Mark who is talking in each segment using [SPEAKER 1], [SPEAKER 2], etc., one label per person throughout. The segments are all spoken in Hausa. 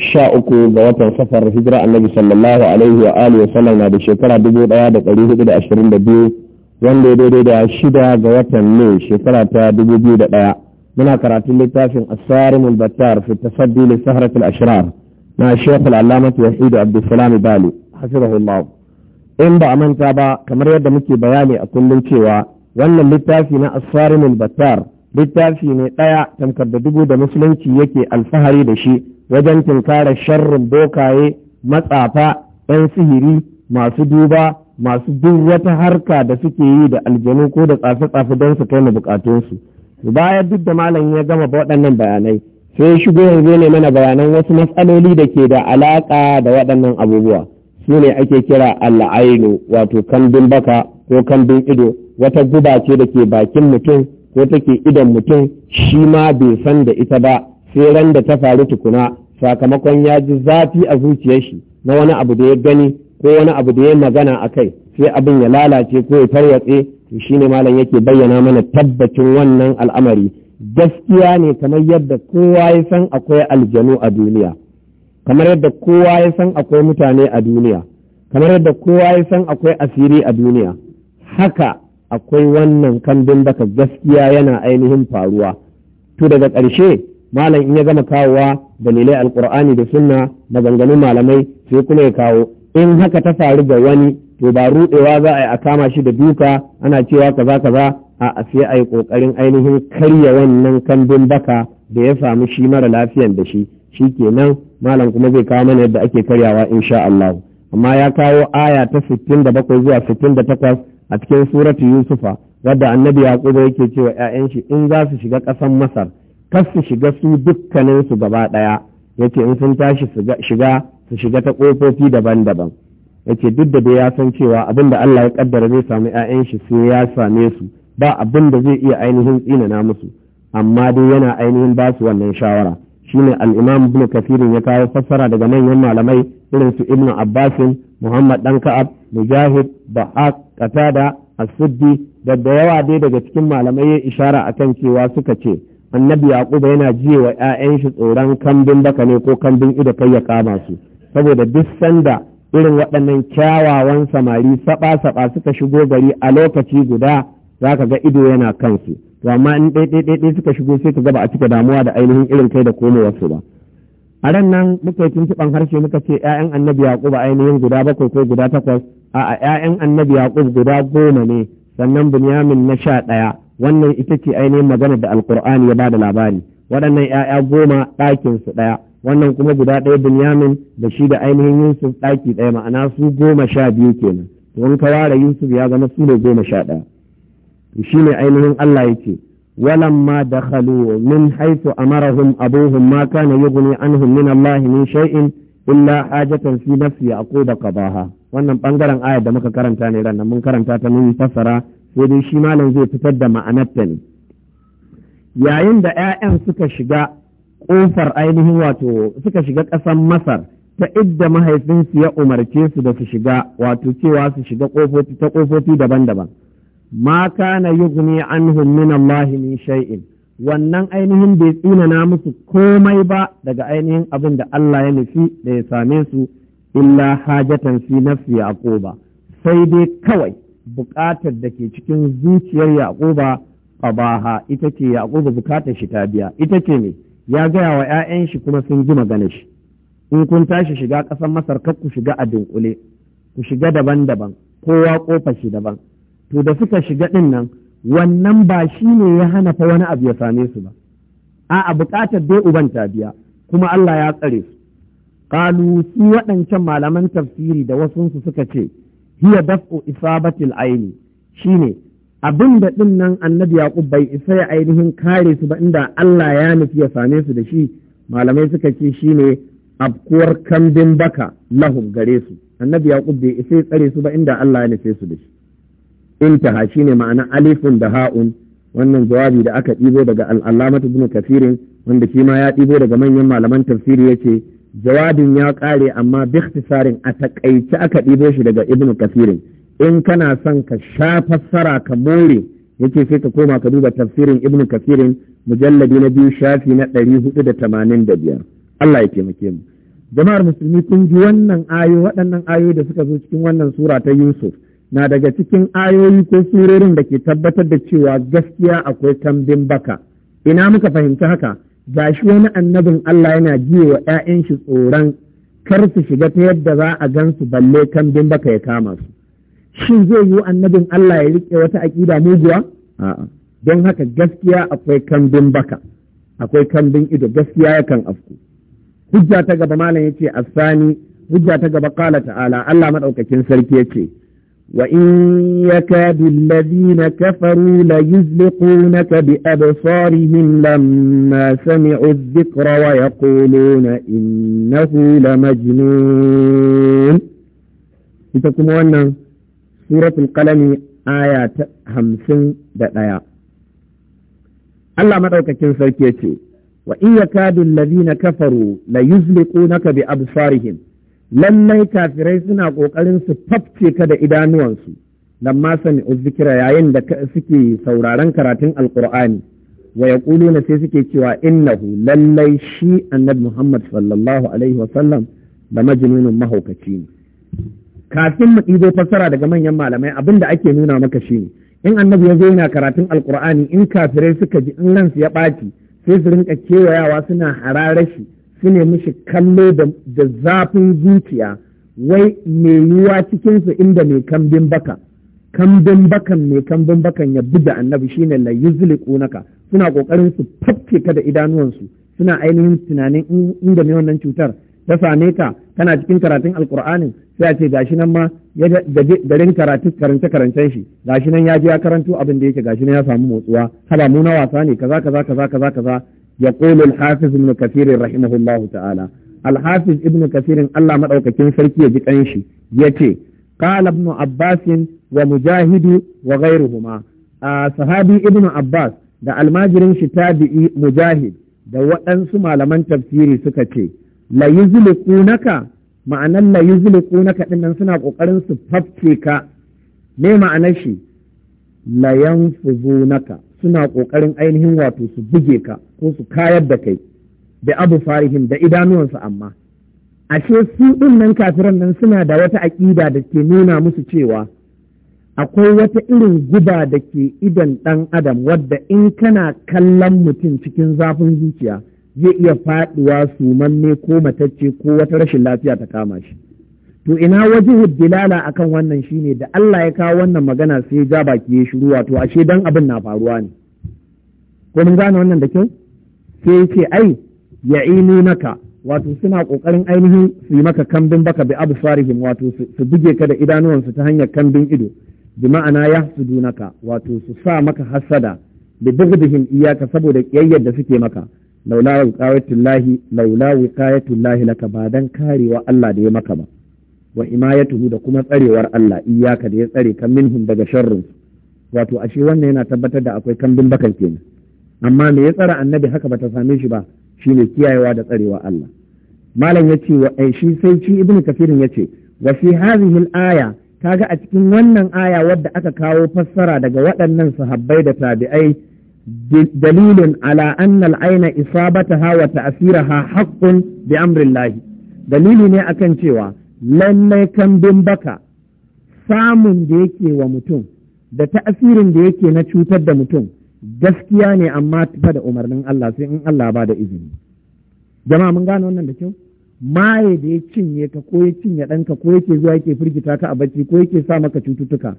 [SPEAKER 1] sha uku ga watan safar hijira annabi sallallahu alaihi wa alihi wasallam na da shekara dubu daya da dari hudu da ashirin da biyu wanda ya daidai da shida ga watan ne shekara ta dubu biyu da daya muna karatun littafin asarimul battar fi tasaddi li sahratil ashrar na shekh al-allamah wahid abdussalam bali hafizahullah in ba a manta ba kamar yadda muke bayani a kullum cewa wannan littafi na asarimul battar littafi ne ɗaya tamkar da dubu da musulunci yake alfahari da shi wajen tunkarar sharrin bokaye matsafa 'yan sihiri masu duba masu duk wata harka da suke yi da aljanu ko da tsafe-tsafe don su kai bukatunsu bayan duk da malam ya gama waɗannan bayanai sai shigo yanzu ne mana bayanan wasu matsaloli da ke da alaƙa da waɗannan abubuwa su ne ake kira al'ainu wato kambin baka ko kandun ido wata guba ce da ke bakin mutum ko take idon mutum shi ma bai san da ita ba sai ran da ta faru tukuna sakamakon ya ji zafi a zuciyar shi na wani abu da ya gani ko wani abu da ya magana a kai sai abin ya lalace ko ya tarwatse to shine malam yake bayyana mana tabbacin wannan al'amari gaskiya ne kamar yadda kowa ya san akwai aljanu a duniya kamar yadda kowa ya san akwai mutane a duniya kamar yadda kowa ya san akwai asiri a duniya haka akwai wannan kan baka gaskiya yana ainihin faruwa to daga ƙarshe malam in ya gama kawowa dalilai alkur'ani da sunna maganganun malamai sai kuma ya kawo in haka ta faru ga wani to ba rudewa za a yi a kama shi da duka ana cewa kaza kaza a sai a yi kokarin ainihin karya wannan kambin baka da ya samu shi mara lafiyan da shi shi kenan malam kuma zai kawo mana yadda ake karyawa insha Allah amma ya kawo aya ta 67 zuwa 68 a cikin suratu Yusufa wadda annabi Yaquba yake cewa 'ya'yan shi in za su shiga ƙasar Masar kas su shiga su dukkanin su gaba ɗaya yace in sun tashi shiga su shiga ta ƙofofi daban-daban yace duk da ya san cewa abin da Allah ya kaddara zai sami 'ya'yan shi sai ya same su ba abin da zai iya ainihin tsinana musu amma dai yana ainihin ba su wannan shawara shine al-Imam Ibn Kathir ya kawo fassara daga manyan malamai irin su Ibn Abbasin Muhammad dan Ka'ab Mujahid Bahaq Qatada As-Siddi da da yawa dai daga cikin malamai ya ishara akan cewa suka ce annabi yaquba yana jiye wa ƴaƴan shi tsoron kambin baka ne ko kambin ido kai ya kama su saboda duk sanda irin waɗannan kyawawan samari saba saba suka shigo gari a lokaci guda zaka ga ido yana kansu to amma in ɗaiɗaiɗaiɗai suka shigo sai ka ga ba a cika damuwa da ainihin irin kai da komowarsu ba a ran nan muka yi harshe muka ce ‘ya'yan annabi yaquba ainihin guda bakwai ko guda takwas a ‘ya'yan annabi yaƙub guda goma ne sannan bunyamin na sha ɗaya wannan ita ce ainihin magana da alkur'ani ya bada labari waɗannan 'ya'ya goma ɗakin su ɗaya wannan kuma guda ɗaya binyamin da shi da ainihin yusuf ɗaki ɗaya ma'ana su goma sha biyu kenan to in ka ware yusuf ya zama su ne goma sha ɗaya to shi ne ainihin allah ya ce ولما دخلوا من حيث أمرهم أبوهم ما كان يغني عنهم من الله من شيء إلا a ko da يعقوب قضاها wannan bangaren ayar da muka karanta ne ran mun karanta ta mun fassara wani shi malam zai fitar da ma'anarta ne yayin da 'ya'yan suka shiga ƙofar ainihin wato suka shiga ƙasar masar ta idda mahaifinsu ya umarce su da su shiga wato cewa su shiga ƙofofi ta ƙofofi daban-daban ma kana yughni anhum min Allah min shay'in wannan ainihin bai tsina na musu komai ba daga ainihin abin da Allah ya nufi da ya same su illa hajatan fi nafsi yaquba sai dai kawai buƙatar da ke cikin zuciyar yaƙuba ƙabaha ita ce yaƙuba buƙatar shi ta biya ita ce ne ya gaya wa 'ya'yan shi kuma sun ji magana shi in kun tashi shiga ƙasar masar kar ku shiga a dunkule ku shiga daban-daban kowa ƙofa shi daban to da suka shiga ɗin nan wannan ba shi ne ya hana fa wani abu ya same su ba a'a buƙatar dai uban ta biya kuma Allah ya tsare su kalu su waɗancan malaman tafsiri da wasunsu suka ce hiya daf'u isabatil aini shine abin da din nan annabi yaqub bai isa ya ainihin kare su ba inda Allah ya nufi ya same su da shi malamai suka ce shine abkuwar kambin baka lahum gare su annabi yaqub bai isa ya tsare su ba inda Allah ya nufi su da shi intaha shine ma'ana alifun da ha'un wannan jawabi da aka ɗibo daga al'alamatu ibn kafirin wanda shi ya ɗibo daga manyan malaman tafsiri yace jawabin ya ƙare amma biktisarin a takaice aka ɗibo shi daga ibnu kafirin in kana son ka sha fassara ka more yake sai ka koma ka duba tafsirin ibnu kafirin mujalladi na biyu shafi na ɗari hudu da tamanin da biyar Allah ya taimake mu jama'ar musulmi kun ji wannan ayo waɗannan ayoyi da suka zo cikin wannan sura ta Yusuf na daga cikin ayoyi ko surorin da ke tabbatar da cewa gaskiya akwai tambin baka ina muka fahimci haka ba shi wani annabin Allah yana jiye wa 'ya'yan shi tsoron kar su shiga ta yadda za a gan su balle kambin baka ya kama su shin zai yi annabin Allah ya riƙe wata aƙida muguwa a'a don haka gaskiya akwai kambin baka akwai kambin ido gaskiya yakan afku hujja ta gaba malam ya yace asani hujja ta gaba ƙala ta'ala Allah maɗaukakin sarki ya ce. وإن يكاد الذين كفروا ليزلقونك بأبصارهم لما سمعوا الذكر ويقولون إنه لمجنون لتكم أن سورة القلم آية همسن دقايا الله مدعوك كنسا كيتي وإن يكاد الذين كفروا ليزلقونك بأبصارهم lallai kafirai suna ƙoƙarin su fafce ka da idanuwansu ma sami zikira yayin da suke sauraron karatun alkur'ani wa na sai suke cewa innahu lallai shi annabi Muhammad sallallahu alaihi wasallam da majnunun mahaukaci ne kafin mu ɗibo fassara daga manyan malamai abin da ake nuna maka shi ne in annabi ya zo yana karatun alkur'ani in kafirai suka ji in ransu ya ɓaci sai su rinka kewayawa suna hararashi shi su ne mishi kallo da zafin zuciya wai mai yiwuwa cikinsu inda mai kambin baka kambin bakan mai kambin bakan ya buga annabi shine la naka suna kokarin su fafke ka da idanuwansu suna ainihin tunanin inda mai wannan cutar ta same ka kana cikin karatun alkur'anin sai a ce gashi nan ma garin karatu karance karancen shi gashi nan ya je ya karanto abin da yake gashi nan ya samu motsuwa haba mu na wasa ne kaza kaza kaza kaza kaza Ya al-hafiz ibn kathir rahimahullahu ta'ala al-hafiz ibn kathir Allah madaukakin sarki ya ji kanshi yace qala ibn abbas wa mujahidu wa gairuhu ghayruhuma sahabi ibn abbas da almajirin shi tabi'i mujahid da waɗansu malaman tafsiri suka ce la yuzliqunaka ma'anar la yuzliqunaka dinnan suna ƙoƙarin su fafke ka me ma'anar shi layan naka suna ƙoƙarin ainihin wato su buge ka ko su kayar da kai da abu farihin da idanuwansu amma ashe su ɗin nan kafiran nan suna da wata aƙida da ke nuna musu cewa akwai wata irin guba da ke idan ɗan adam wadda in kana kallon mutum cikin zafin zuciya zai iya faɗuwa sumanne ko matacce ko wata rashin lafiya ta kama shi. to ina wajihu dilala akan wannan shine da Allah ya kawo wannan magana sai ja baki ya shiru wato ashe dan abin na faruwa ne ko mun gane wannan da kyau sai ya ce ai ya'inu naka wato suna kokarin ainihin su yi maka kambin baka bi absarihim wato su buge ka da idanuwansu ta hanyar kambin ido bi ma'ana naka wato su sa maka hasada bi bughdihim iyaka saboda kiyayyar da suke maka laula wiqayatullahi laula wiqayatullahi laka ba dan karewa Allah da ya maka ba wa imayatuhu da kuma tsarewar Allah iyaka da ya tsare kan daga sharrin wato ashe wannan yana tabbatar da akwai kambin bakan kenan amma me ya tsara annabi haka bata same shi ba shine kiyayewa da tsarewa Allah malam yace wa eh, shi sai shi ibnu kafirin yace wa fi hadhihi al-aya kaga a cikin wannan aya wadda aka kawo fassara daga waɗannan sahabbai da tabi'ai dalilin ala anna al-aina isabataha wa ta'siraha haqqun bi amrillahi dalili ne akan cewa lallai kambin baka samun da yake wa mutum da ta'asirin da yake na cutar da mutum gaskiya ne amma tafa da umarnin Allah sai in Allah ba da izini jama'a mun gane wannan da kyau maye da ya cinye ka ko ya cinye ɗanka ko yake zuwa yake firgita ka a bacci ko yake sa maka cututtuka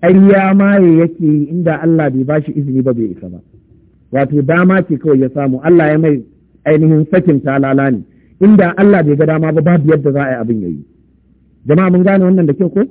[SPEAKER 1] ƙarya maye yake yi inda Allah bai bashi izini ba bai isa ba wato dama ce kawai ya samu Allah ya mai ainihin sakin talala ne inda Allah bai ga dama ba babu yadda za a yi abin yayi jama'a mun gane wannan da kyau ko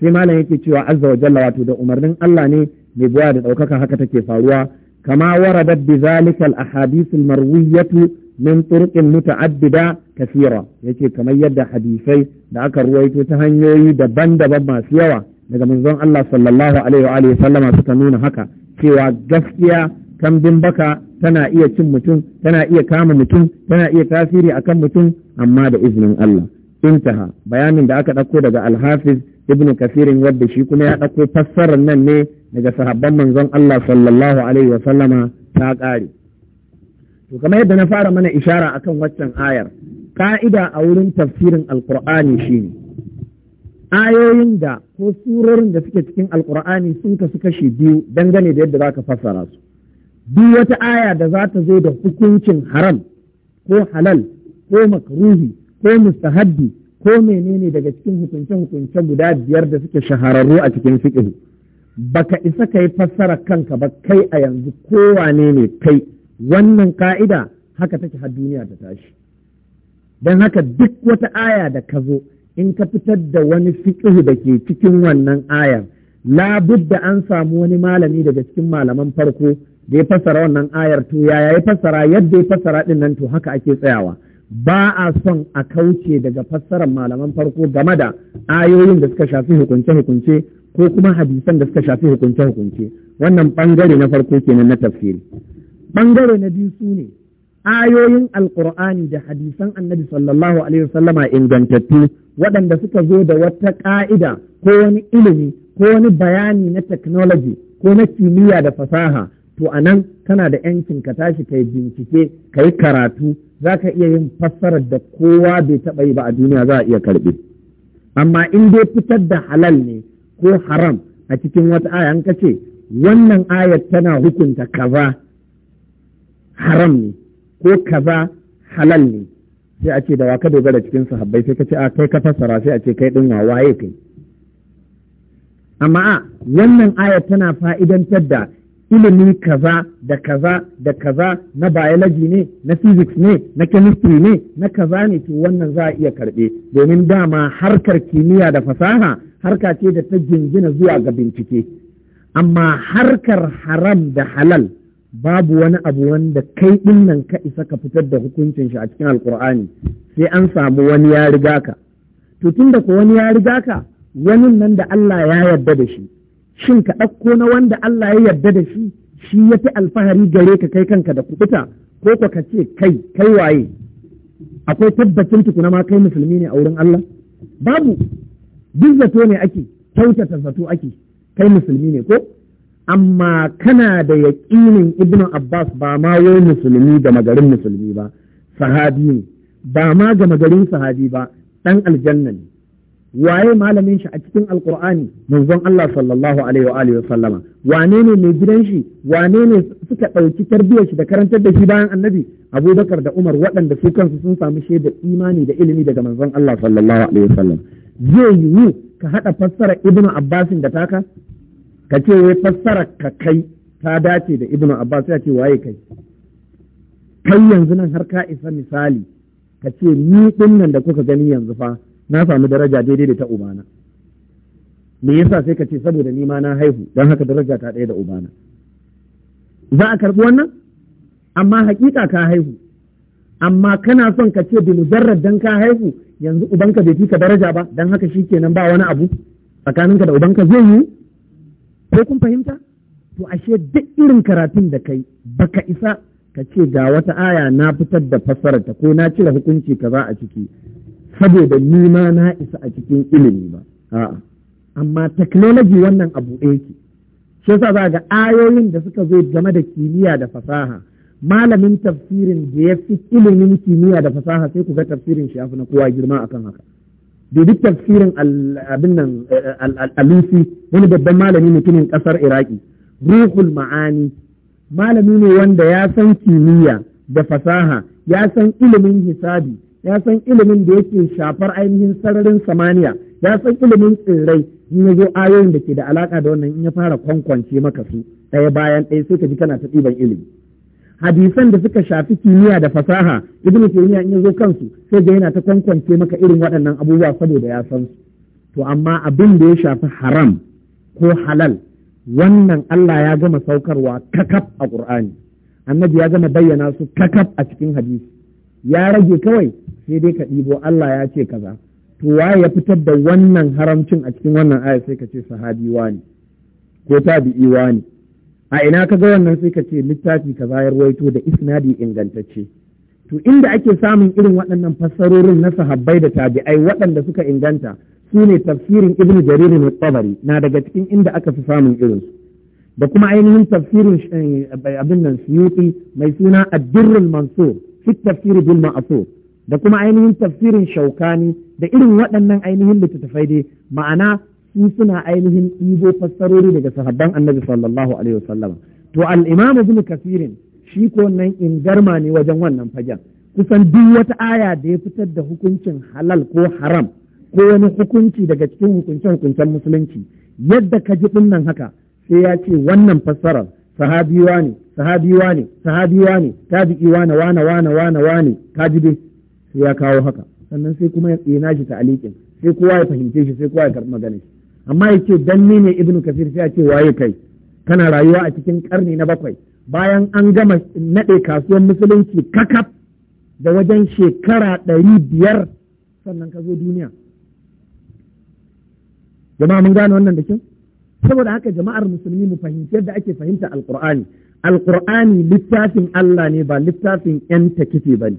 [SPEAKER 1] sai malam yake cewa azza wa jalla wato da umarnin Allah ne mai buwa da ɗaukaka haka take faruwa kama waradat bi zalika al ahadith al marwiyatu min turuqin muta'addida kathira yake kamar yadda hadisai da aka ruwaito ta hanyoyi daban-daban masu yawa daga manzon Allah sallallahu alaihi wa alihi sallama suka nuna haka cewa gaskiya kambin baka tana iya cin mutum tana iya kama mutum tana iya tasiri akan mutum amma da izinin Allah intaha bayanin da aka ɗauko daga alhafiz ibn kafirin wadda shi kuma ya ɗauko fassarar nan ne daga sahabban manzon Allah sallallahu alaihi wa sallama ta ƙare to kamar yadda na fara mana ishara akan waccan ayar ka'ida a wurin tafsirin alqur'ani shine ayoyin da ko surorin da suke cikin alqur'ani sun kasu kashi biyu dangane da yadda zaka fassara su duk wata aya da za ta zo da hukuncin haram ko halal ko makruhi ko mustahabbi ko menene daga cikin hukunce-hukunce guda biyar da suke shahararru a cikin Ba baka isa ka yi fassara kanka ba kai a yanzu kowa ne kai wannan ka'ida haka take har duniya ta tashi don haka duk wata aya da ka zo in ka fitar da wani fiƙihu da ke cikin wannan ayar da an samu wani malami daga cikin malaman farko da ya fasara wannan ayar to yaya ya fassara yadda ya fassara din nan to haka ake tsayawa ba a son a kauce daga fassarar malaman farko game da ayoyin da suka shafi hukunce-hukunce ko kuma hadisan da suka shafi hukunce-hukunce wannan bangare na farko kenan na tafsiri bangare na biyu su ne ayoyin alkur'ani da hadisan annabi sallallahu alaihi wasallama ingantattu waɗanda suka zo da wata ƙa'ida ko wani ilimi ko wani bayani na technology ko na kimiyya da fasaha to a nan kana da yancin ka tashi kai bincike ka karatu za ka iya yin fassarar da kowa bai taɓa yi ba a duniya za a iya karɓi. amma in dai fitar da halal ne ko haram a cikin wata aya an kace wannan ayar tana hukunta kaza haram ne ko kaza halal ne sai a ce da waka dogara cikin sahabbai sai ka ce a kai ka fassara sai a ce kai din wawaye kai amma a wannan ayar tana fa'idantar da ilimin kaza da kaza da kaza na biology ne na physics ne na chemistry ne na kaza ne to wannan za a iya karɓe domin dama harkar kimiyya da fasaha harka ce da ta jingina zuwa ga bincike amma harkar haram da halal babu wani abu wanda kai ɗinnan ka isa ka fitar da hukuncin shi a cikin alkur'ani sai an samu wani ya riga ka to tunda ko wani ya riga ka wani nan da Allah ya yarda da shi shin ka ɗauko na wanda Allah ya yarda da shi shi ya fi alfahari gare ka kai kanka da kubuta ko ko ka ce kai kai waye akwai tabbacin tukuna ma kai musulmi ne a wurin Allah babu duk zato ne ake kyautata zato ake kai musulmi ne ko amma kana da yaƙinin ibnu abbas ba ma wai musulmi da magarin musulmi ba sahabi ne ba ma ga magarin sahabi ba ɗan aljanna ne waye malamin shi a cikin alkur'ani manzon Allah sallallahu alaihi wa alihi sallama wane ne mai gidan shi wane ne suka ɗauki tarbiyyar shi da karantar da shi bayan annabi abubakar da umar waɗanda su kansu sun samu shaidar imani da ilimi daga manzon Allah sallallahu alaihi sallam zai yiwu ka haɗa fassara ibnu Abbas da taka ka ce wai fassara ka kai ta dace da ibnu abbas ya ce waye kai kai yanzu nan har ka isa misali ka ce ni din nan da kuka gani yanzu fa na sami daraja daidai da ta ubana me yasa sai ka ce saboda ni ma na haihu don haka daraja ta ɗaya da ubana za a karɓi wannan amma hakika ka haihu amma kana son ka ce bi mujarrad dan ka haihu yanzu ubanka bai fika daraja ba dan haka shikenan ba wani abu tsakaninka da ubanka zai yi ko kun fahimta to ashe duk irin karatun da kai baka isa ka ce ga wata aya na fitar da ta ko na cire hukunci kaza a ciki saboda nima na isa a cikin ilimi ba a'a amma technology wannan abu ɗaya ke shi yasa za ga ayoyin da suka zo game da kimiyya da fasaha malamin tafsirin da ya fi ilimin kimiyya da fasaha sai ku ga tafsirin shi yafi na kowa girma akan haka duk tafsirin abin nan eh, alusi wani babban malami mutumin ƙasar iraki ruhul ma'ani malami ne wanda ya san kimiyya da fasaha ya san ilimin hisabi ya san ilimin da yake shafar ainihin sararin samaniya ya san ilimin tsirrai in ya zo ayoyin da ke da alaka da wannan in ya fara kwankwance maka su ɗaya bayan ɗaya sai ka ji kana ta ɗiban ilimi hadisan da suka shafi kimiyya da fasaha ibn taymiya in ya zo kansu sai ga yana ta kwankwance maka irin waɗannan abubuwa saboda ya san su to amma abin da ya shafi haram ko halal wannan Allah ya gama saukarwa kakaf a ƙur'ani. annabi ya gama bayyana su kakaf a cikin hadisi ya rage kawai sai dai ka ɗibo Allah ya ce kaza to wa ya fitar da wannan haramcin a cikin wannan aya sai ka ce sahabi wani ko tabi'i wani a ina ka ga wannan sai ka ce littafi kaza ya ruwaito da isnadi ingantacce to inda ake samun irin waɗannan fassarorin na sahabbai da tabi'ai waɗanda suka inganta su ne tafsirin ibnu jarir ne tabari na daga cikin inda aka fi samun irin. da kuma ainihin tafsirin eh, abin nan suyuti mai suna addirrul mansur fi tafsiri bil ma'thur da kuma ainihin tafsirin shaukani da irin waɗannan ainihin littattafai dai ma'ana su suna ainihin ɗibo fassarori daga sahabban annabi sallallahu alaihi wasallam to al-imam ibn kasirin shi ko nan ingarma ne wajen wannan fagen kusan duk wata aya da ya fitar da hukuncin halal ko haram ko wani hukunci daga cikin hukunce hukuncen musulunci yadda ka ji nan haka sai ya ce wannan fassarar sahabi wane sahabi ne, sahabi ne, tabi'i wane wane wane wane wane kaji dai sai ya kawo haka sannan sai kuma ya nashi ta'aliqin sai kowa ya fahimce shi sai kowa ya karɓi maganar shi amma yace dan ni ne ibnu kasir sai ya ce waye kai kana rayuwa a cikin karni na bakwai bayan an gama naɗe kasuwar musulunci kakaf da wajen shekara ɗari biyar sannan ka zo duniya jama'a mun gane wannan da kyau saboda haka jama'ar musulmi mu fahimci yadda ake fahimta alqur'ani alqur'ani littafin Allah ne ba littafin yan takife ba ne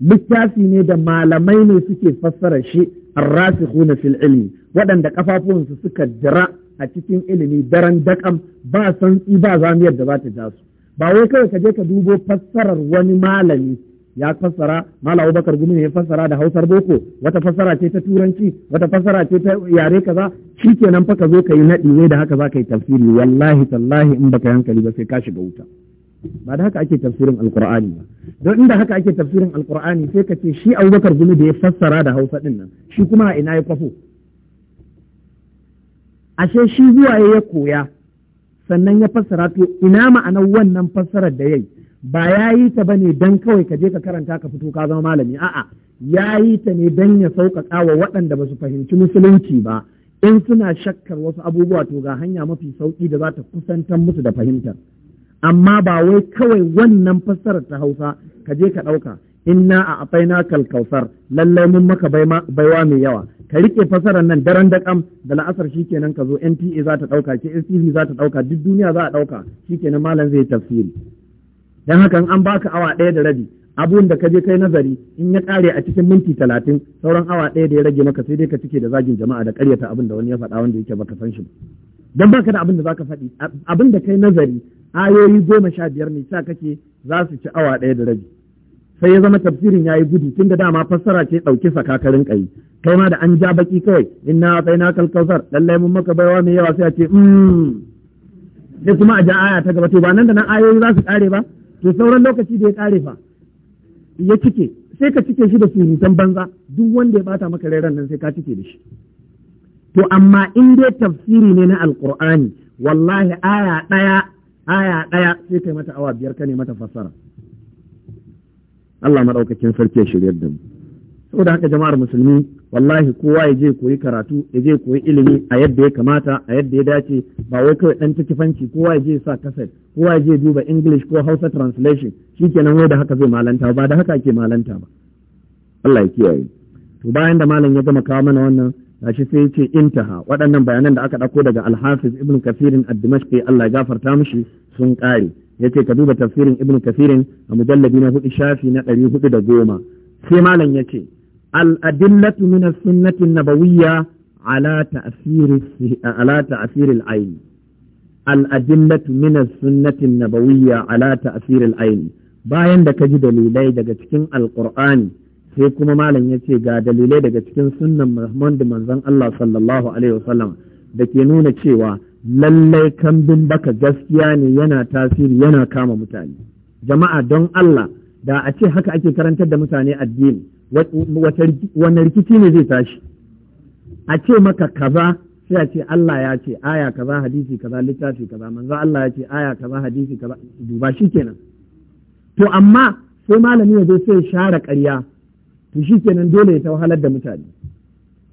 [SPEAKER 1] littafi ne da malamai ne suke fassara shi arrasikhuna fil ilmi waɗanda kafafuwansu suka jira a cikin ilimi daren dakam ba santsi ba zamiyar da za ta ja su ba wai kawai ka je ka dubo fassarar wani malami ya fassara mala abubakar gumi ya fassara da hausar boko wata fassara ce ta turanci wata fassara ce ta yare kaza shikenan fa ka zo ka yi naɗi ne da haka za ka yi tafsiri wallahi tallahi in baka hankali ba sai ka shiga wuta ba da haka ake tafsirin alkur'ani ba don inda haka ake tafsirin alkur'ani sai ka ce shi abubakar gumi da ya fassara da hausa din nan shi kuma a ina ya kwafo ashe shi zuwa ya koya sannan ya fassara to ina ma'anar wannan fassarar da yayi ba ya yi ta ba ne don kawai ka je ka karanta ka fito ka zama malami a'a ya yi ta ne don ya sauƙaƙa wa waɗanda ba su fahimci musulunci ba in suna shakkar wasu abubuwa to ga hanya mafi sauƙi da za ta kusantar musu da fahimtar amma ba wai kawai wannan fassarar ta hausa ka je ka ɗauka inna a afaina kalkausar lallai mun maka baiwa mai yawa ka riƙe fasarar nan daren da ƙam da la'asar shikenan ka zo NTA za ta ɗauka ke za ta ɗauka duk duniya za a ɗauka shi shikenan malam zai tafsiri dan haka an baka awa ɗaya da rabi abun da ka je kai nazari in ya ƙare a cikin minti talatin sauran awa ɗaya da ya rage maka sai dai ka cike da zagin jama'a da ƙaryata abin da wani ya faɗa wanda yake baka san shi dan baka da abin da ka faɗi abin da kai nazari ayoyi goma sha biyar ne sa kake za su ci awa ɗaya da rabi sai ya zama tafsirin ya yi gudu tun da dama fassara ce ɗauki sakakarin ƙayi kai ma da an ja baki kawai in na na kalkausar lallai mun maka baiwa mai yawa sai a ce hmm. sai kuma a ja aya ta gaba to ba nan da nan ayoyi za su ƙare ba to sauran lokaci da ya kare fa ya cike sai ka cike shi da surutan banza duk wanda ya bata maka rairan nan sai ka cike da shi to amma in dai tafsiri ne na alqur'ani wallahi aya ɗaya aya ɗaya sai kai mata awa biyar kane ne mata fassara Allah madaukakin sarki ya shiryar da mu saboda haka jama'ar musulmi wallahi kowa ya je koyi karatu ya je koyi ilimi a yadda ya kamata a yadda ya dace ba wai kawai dan tikifanci kowa ya je sa kaset kowa ya je duba english ko hausa translation shikenan wai da haka zai malanta ba da haka ake malanta ba Allah ya kiyaye to bayan da malam ya gama kawo mana wannan gashi sai ya ce intaha waɗannan bayanan da aka ɗauko daga alhafiz ibn kafirin ad-dimashqi Allah ya gafarta mishi sun ƙare yace ka duba tafsirin ibn kafirin a mujallabi na hudu shafi na ɗari hudu da goma sai malam ya ce الأدلة من السنة النبوية على تأثير على تأثير العين الأدلة من السنة النبوية على تأثير العين bayan da ka ji dalilai daga cikin alkur'ani sai kuma malam ya ce ga dalilai daga cikin sunnan muhammadu manzon Allah sallallahu alaihi wasallam da ke nuna cewa lallai kambin baka gaskiya ne yana tasiri yana kama mutane jama'a don Allah da a ce haka ake karantar da mutane addini wani rikici ne zai tashi a ce maka kaza sai a ce Allah ya ce aya kaza hadisi kaza littafi kaza manzo Allah ya ce aya kaza hadisi kaza duba kenan to amma sai malami ya zo sai share ƙarya to shikenan dole ya tauhalar da mutane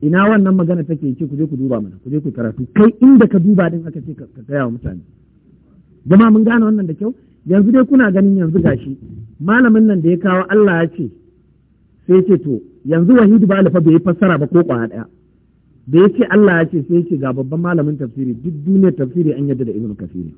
[SPEAKER 1] ina wannan magana take ce ku je ku duba mana ku je ku karatu kai inda ka duba din aka ce ka gaya wa mutane Gama mun gane wannan da kyau yanzu dai kuna ganin yanzu gashi malamin nan da ya kawo Allah ya ce sai ce to yanzu wahidu ba alifa bai fassara ba ko kwaya daya da ce Allah ya ce sai ce ga babban malamin tafsiri duk duniyar tafsiri an yadda da ibnu kasiri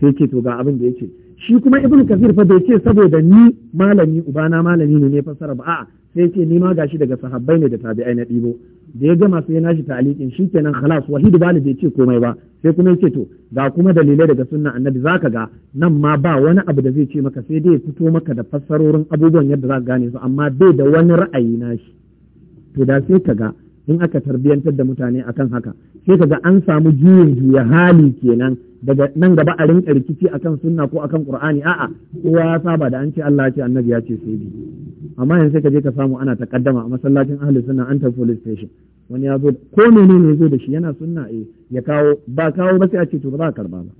[SPEAKER 1] sai ce to ga abin da ya shi kuma ibnu kafir fa bai ce saboda ni malami ubana malami ne ne fassara ba a'a sai ce ni ma gashi daga sahabbai ne da tabi'ai na ɗibo da ya gama sai ya nashi ta'aliqin shikenan khalas wahid bali bai ce komai ba sai kuma yace to ga kuma dalilai daga sunna annabi zaka ga nan ma ba wani abu da zai ce maka sai dai fito maka da fassarorin abubuwan yadda zaka gane su amma bai da wani ra'ayi nashi to da sai ka ga in aka tarbiyantar da mutane akan haka sai ka ga an samu juyin juya hali kenan daga nan gaba a rinka rikici akan sunna ko akan qur'ani a'a kowa ya saba da an ce Allah ya ce annabi ya ce sai bi amma yanzu ka je ka samu ana takaddama a masallacin ahli sunna an tafi police station wani ya zo ko menene ya zo da shi yana sunna eh ya kawo ba kawo ba sai a ce to ba za a karba ba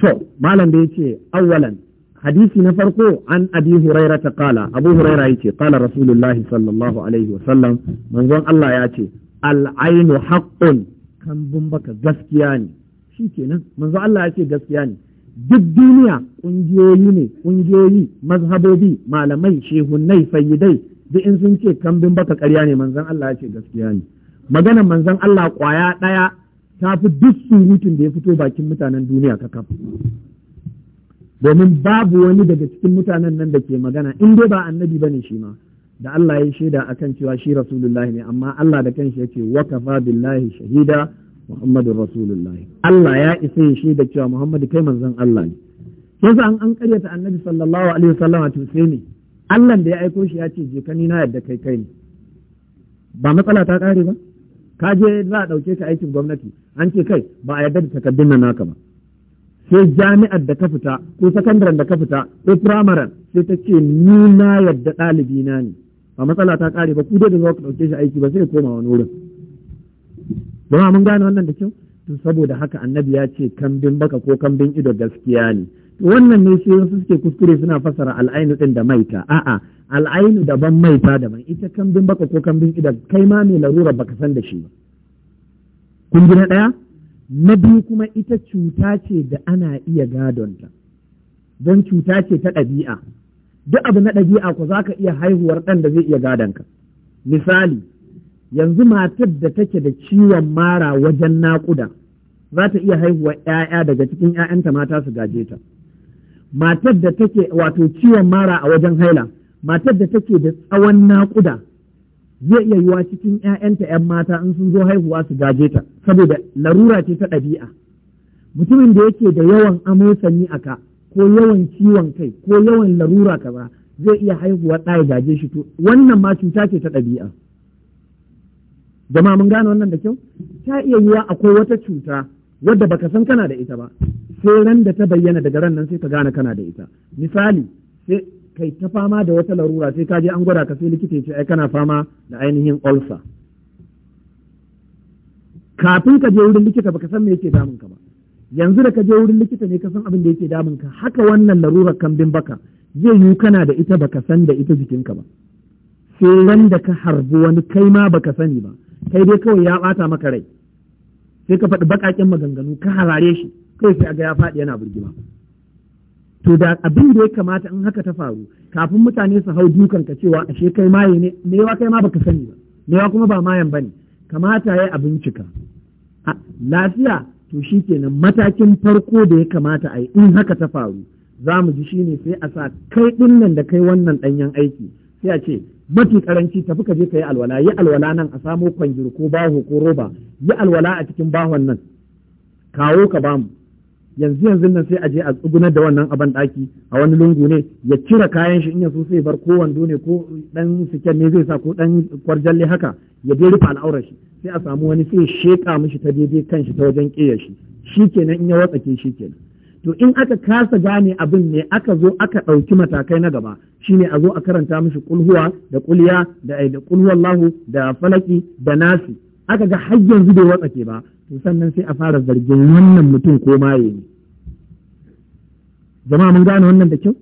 [SPEAKER 1] to malam da yace awwalan hadisi na farko an abi huraira ta kala abu huraira yace kala rasulullahi sallallahu alaihi wa sallam manzon Allah ya ce al'ainu haqqun kan baka gaskiya ne kenan manzon Allah ya ce gaskiya ne duk duniya ƙungiyoyi ne ƙungiyoyi mazhabobi malamai shehunnai fayyidai duk in sun ce kambin baka ƙarya ne manzon Allah ya ce gaskiya ne maganar manzon Allah kwaya ɗaya ta fi duk surutun da ya fito bakin mutanen duniya ka kafa domin babu wani daga cikin mutanen nan da ke magana in dai ba annabi bane shi ma da Allah ya shaida akan cewa shi rasulullahi ne amma Allah da kanshi yake wa kafa billahi shahida Muhammadur rasulullahi Allah ya isa ya shaida cewa Muhammadu kai manzon Allah ne Yanzu an an karyata annabi sallallahu alaihi wasallam a sai ne Allah da ya aiko shi ya ce je ka yadda kai kai ne ba matsala ta kare ba ka je za a ɗauke ka aikin gwamnati an ce kai ba a yarda da takardun nan naka ba sai jami'ar da ka fita ko sakandaren da ka fita ko firamaren sai ta ce ni na yarda ɗalibi na ne ba matsala ta ƙare ba ku dai da za ku ɗauke shi aiki ba sai koma wani wurin jama'a mun gane wannan da kyau saboda haka annabi ya ce kambin baka ko kambin ido gaskiya ne wannan ne shi wasu suke kuskure suna fasara al'ainu din da maita a'a al'ainu daban maita daban ita kambin baka ko kambin idan kai ma mai larura baka san da shi ba kun ji na ɗaya na biyu kuma ita cuta ce da ana iya gadonta don cuta ce ta ɗabi'a duk abu na ɗabi'a ku za ka iya haihuwar ɗan da zai iya ka? misali yanzu matar da take da ciwon mara wajen naƙuda za ta iya haihuwar ‘ya'ya daga cikin ‘ya'yanta mata su gaje ta. matar da take wato ciwon mara a wajen haila matar da take da tsawon naƙuda zai iya yiwa cikin 'ya'yanta 'yan mata in sun zo haihuwa su gaje ta saboda larura ce ta ɗabi'a mutumin da yake da yawan amosani a ka ko yawan ciwon kai ko yawan larura kaza zai iya haihuwa ɗaya gaje shi to wannan ma cuta ce ta ɗabi'a jama mun gane wannan da kyau ta iya yiwa akwai wata cuta wadda baka san kana da ita ba sai ran da ta bayyana daga ran nan sai ka gane kana da ita misali sai kai ta fama da wata larura sai ka je an gwada ka sai likita ya ce ai kana fama da ainihin ulcer kafin ka je wurin likita baka san me yake damun ka ba yanzu da ka je wurin likita ne ka san abin da yake damun ka haka wannan larurar kambin baka zai yiwu kana da ita baka san da ita jikinka ba sai ran da ka harbi wani kai ma baka sani ba kai dai kawai ya bata maka rai sai ka faɗi baƙaƙen maganganu ka harare shi kai sai ga ya faɗi yana burgima to da abin da ya kamata in haka ta faru kafin mutane su hau dukan ka cewa ashe kai maye ne me yawa kai ma baka sani ba me yawa kuma ba mayan bane kamata ya a bincika lafiya to shi kenan matakin farko da ya kamata a yi in haka ta faru za mu ji shine sai a sa kai ɗinnan da kai wannan ɗanyen aiki sai a ce mafi karanci tafi ka je ka yi alwala yi alwala nan a samo kwangiru, ko baho ko roba yi alwala a cikin bahon nan kawo ka bamu yanzu yanzu nan sai a je a tsugunar da wannan abin daki a wani lungu ne ya cire kayan shi in ya so sai bar ko wando ne ko dan siken ne zai sa ko dan kwarjalle haka ya je rufe al'aurar shi sai a samu wani sai sheka mishi ta daidai kan shi ta wajen kiyar shi shikenan in ya watsake shikenan to in aka kasa gane abin ne aka zo aka ɗauki matakai na gaba shine a zo a karanta mishi kulhuwa da kulya da da kulhuwallahu da falaki da nasi aka ga har yanzu bai watsake ba to sannan sai a fara zargin wannan mutum ko maye ne jama'a mun gane wannan da kyau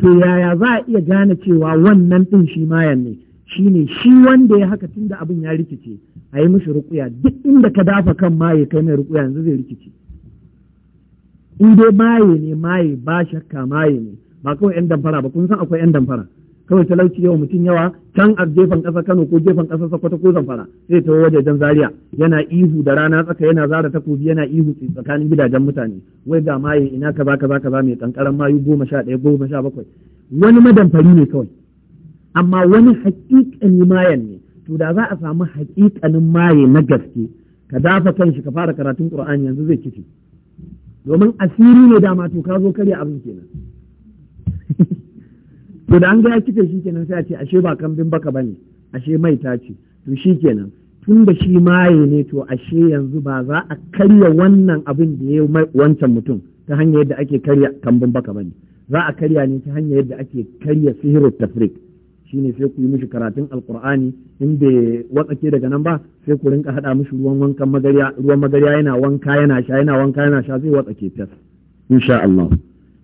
[SPEAKER 1] to yaya za a iya gane cewa wannan ɗin shi mayan ne shi ne shi wanda ya haka tunda abin ya rikice a yi mishi rukuya duk inda ka dafa kan maye kai mai rukuya yanzu zai rikice in dai maye ne maye ba shakka maye ne ba kawai yan damfara ba kun san akwai yan damfara kawai talauci yawa mutum yawa can a gefen ƙasa Kano ko gefen ƙasa Sokoto ko Zamfara zai tawo wajajen Zaria yana ihu da rana tsaka yana zara takobi yana ihu tsakanin gidajen mutane wai ga maye ina kaza kaza kaza mai kankaran mayu goma sha ɗaya goma sha bakwai wani madamfari ne kawai amma wani haƙiƙani mayan ne to da za a samu haƙiƙanin maye na gaske ka dafa kanshi ka fara karatun ƙur'ani yanzu zai kici domin asiri ne dama to ka zo karya abin kenan to da an ga ya kife shi kenan sai a ce ashe ba kambin baka bane ashe mai ta ce to shi kenan tun da shi maye ne to ashe yanzu ba za a karya wannan abin da ya yi wancan mutum ta hanyar yadda ake karya kambin baka ba ne za a karya ne ta hanyar yadda ake karya sihirin tafrik shine sai ku yi mishi karatun alkur'ani in bai watsake daga nan ba sai ku rinka haɗa mishi ruwan wankan magarya ruwan magarya yana wanka yana sha yana wanka yana sha zai watsake tas insha Allah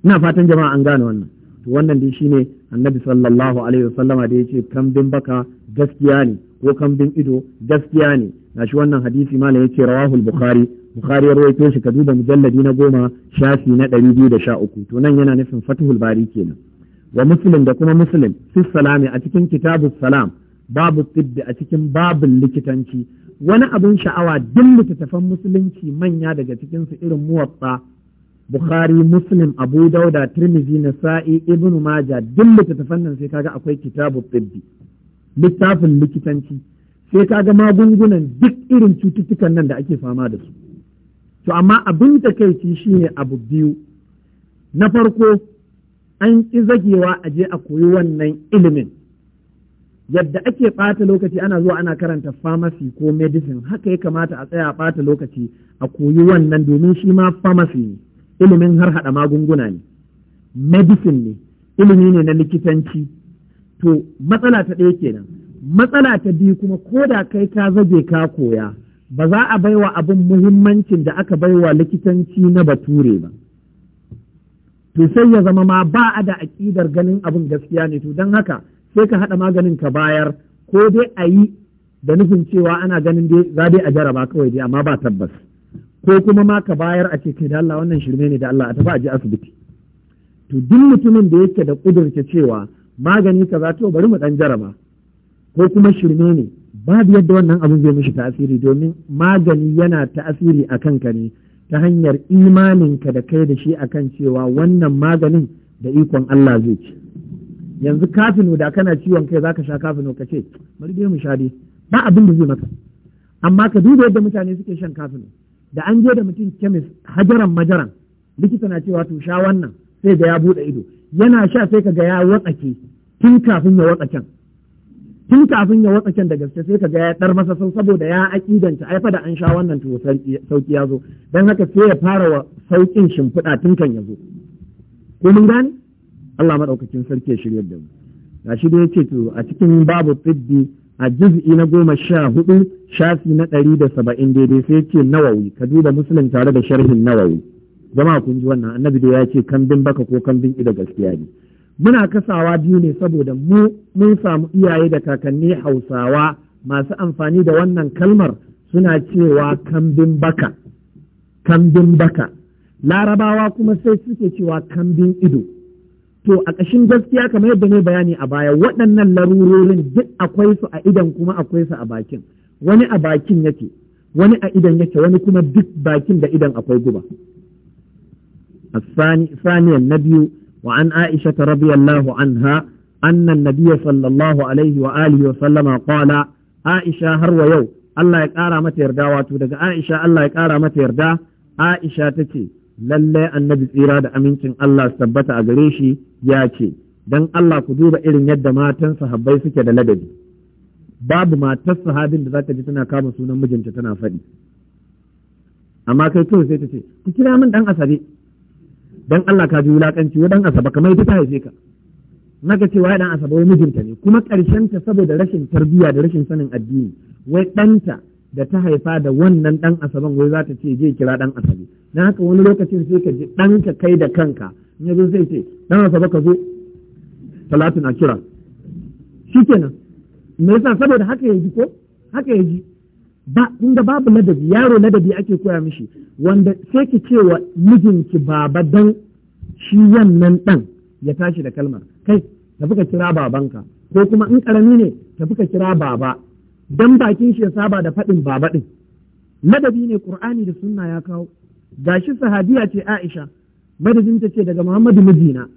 [SPEAKER 1] ina fatan jama'a an gane wannan to wannan dai shine annabi sallallahu alaihi wasallama da yace kambin baka gaskiya ne ko kambin ido gaskiya ne gashi wannan hadisi malam yace rawahul bukhari bukhari ya rawaito shi ka duba mujalladi na goma shafi na ɗari biyu da sha uku to nan yana nufin fathul bari kenan wa muslim da kuma muslim fi salami a cikin kitabus salam babu tibbi a cikin babin likitanci wani abin sha'awa duk littattafan musulunci manya daga cikinsu irin muwaffa bukhari muslim abu dauda tirmidhi nasa'i ibn maja duk littattafan nan sai kaga akwai kitabu tibbi littafin likitanci sai kaga magungunan duk irin cututtukan nan da ake fama da su to amma abin da kai ci shine abu biyu na farko an ki zagewa a je a koyi wannan ilimin yadda ake ɓata lokaci ana zuwa ana karanta pharmacy ko medicine haka ya kamata a tsaya a ɓata lokaci a koyi wannan domin shi ma pharmacy ne ilimin har hada magunguna ne medicine ne ilimi ne na likitanci to matsala ta ɗaya kenan matsala ta biyu kuma ko da kai ka zage ka koya ba za a baiwa abin muhimmancin da aka baiwa likitanci na bature ba to sai ya zama ma ba a da aƙidar ganin abin gaskiya ne to don haka sai ka haɗa maganin ka bayar ko dai a yi da nufin cewa ana ganin dai za dai a jaraba kawai dai amma ba tabbas ko kuma ma ka bayar a ce kai da Allah wannan shirme ne da Allah a tafi a ji asibiti to duk mutumin da yake da kudurce cewa magani ka za to bari mu dan jaraba ko kuma shirme ne babu yadda wannan abin zai mishi tasiri domin magani yana tasiri a kanka ne ta hanyar imaninka da kai da shi akan cewa wannan maganin da ikon Allah zai ci yanzu kafinu da kana ciwon kai zaka sha kafinu ka ce bari mu sha dai ba abin da zai maka amma ka duba yadda mutane suke shan kafinu da an je da mutum kemis hajaran majaran likita na cewa to sha wannan sai da ya bude ido yana sha sai kaga ya watsake tun kafin ya watsaken tun kafin ya watsaken da gaske sai kaga ya dar masa sau saboda ya aƙidanta ai fa da an sha wannan to sauki ya zo dan haka sai ya fara wa saukin shimfiɗa tun kan ya zo ko mun gane Allah madaukakin sarki ya shirya da mu gashi dai yace to a cikin babu fiddi a juz'i na goma sha hudu shafi na ɗari da saba'in daidai sai ce nawawi ka duba musulun tare da sharhin nawawi Zama kun ji wannan annabi da ya ce kambin baka ko kambin ido gaskiya ne muna kasawa biyu ne saboda mu mun samu iyaye da kakanni hausawa masu amfani da wannan kalmar suna cewa kambin baka kambin baka larabawa kuma sai suke cewa kambin ido to a ƙashin gaskiya kamar yadda ne bayani a baya waɗannan larurorin duk akwai su a idan kuma akwai su a bakin wani a bakin yake wani a idan yake wani kuma duk bakin da idan akwai guba Sani na biyu wa an aisha ta rabiyallahu an ha annan nabiya sallallahu alaihi wa alihi wa sallama kwala aisha har wa yau Allah ya ƙara mata yarda wato daga aisha Allah ya ƙara mata yarda aisha ta lallai annabi tsira da amincin Allah su tabbata a gare shi ya ce don Allah ku duba irin yadda matan sahabbai suke da ladabi babu matar sahabin da zaka ji tana kama sunan mijinta tana faɗi amma kai kawai sai ta ce ku kira min dan asabe dan Allah ka ji wulakanci wa dan asaba kamar ita ta haife ka naga cewa dan asaba wai mijinta ne kuma karshen ta saboda rashin tarbiyya da rashin sanin addini wai ɗanta da ta haifa da wannan ɗan asaban wai za ta ce je kira ɗan asabi na haka wani lokacin sai ka ji ɗanka kai da kanka in ya zai ce ɗan asaba ka zo talatu na kira shi kenan me yasa saboda haka ya ji ko haka ya ji ba inda babu ladabi yaro ladabi ake koya mishi wanda sai ki ce wa mijinki baba dan shi wannan ɗan ya tashi da kalmar kai tafi ka kira babanka ko kuma in ƙarami ne tafi ka kira baba dan bakin shi ya saba da faɗin baba ɗin madadi ne ƙur'ani da sunna ya kawo gashi sahabiya ce Aisha madadin ta ce daga Muhammadu mijina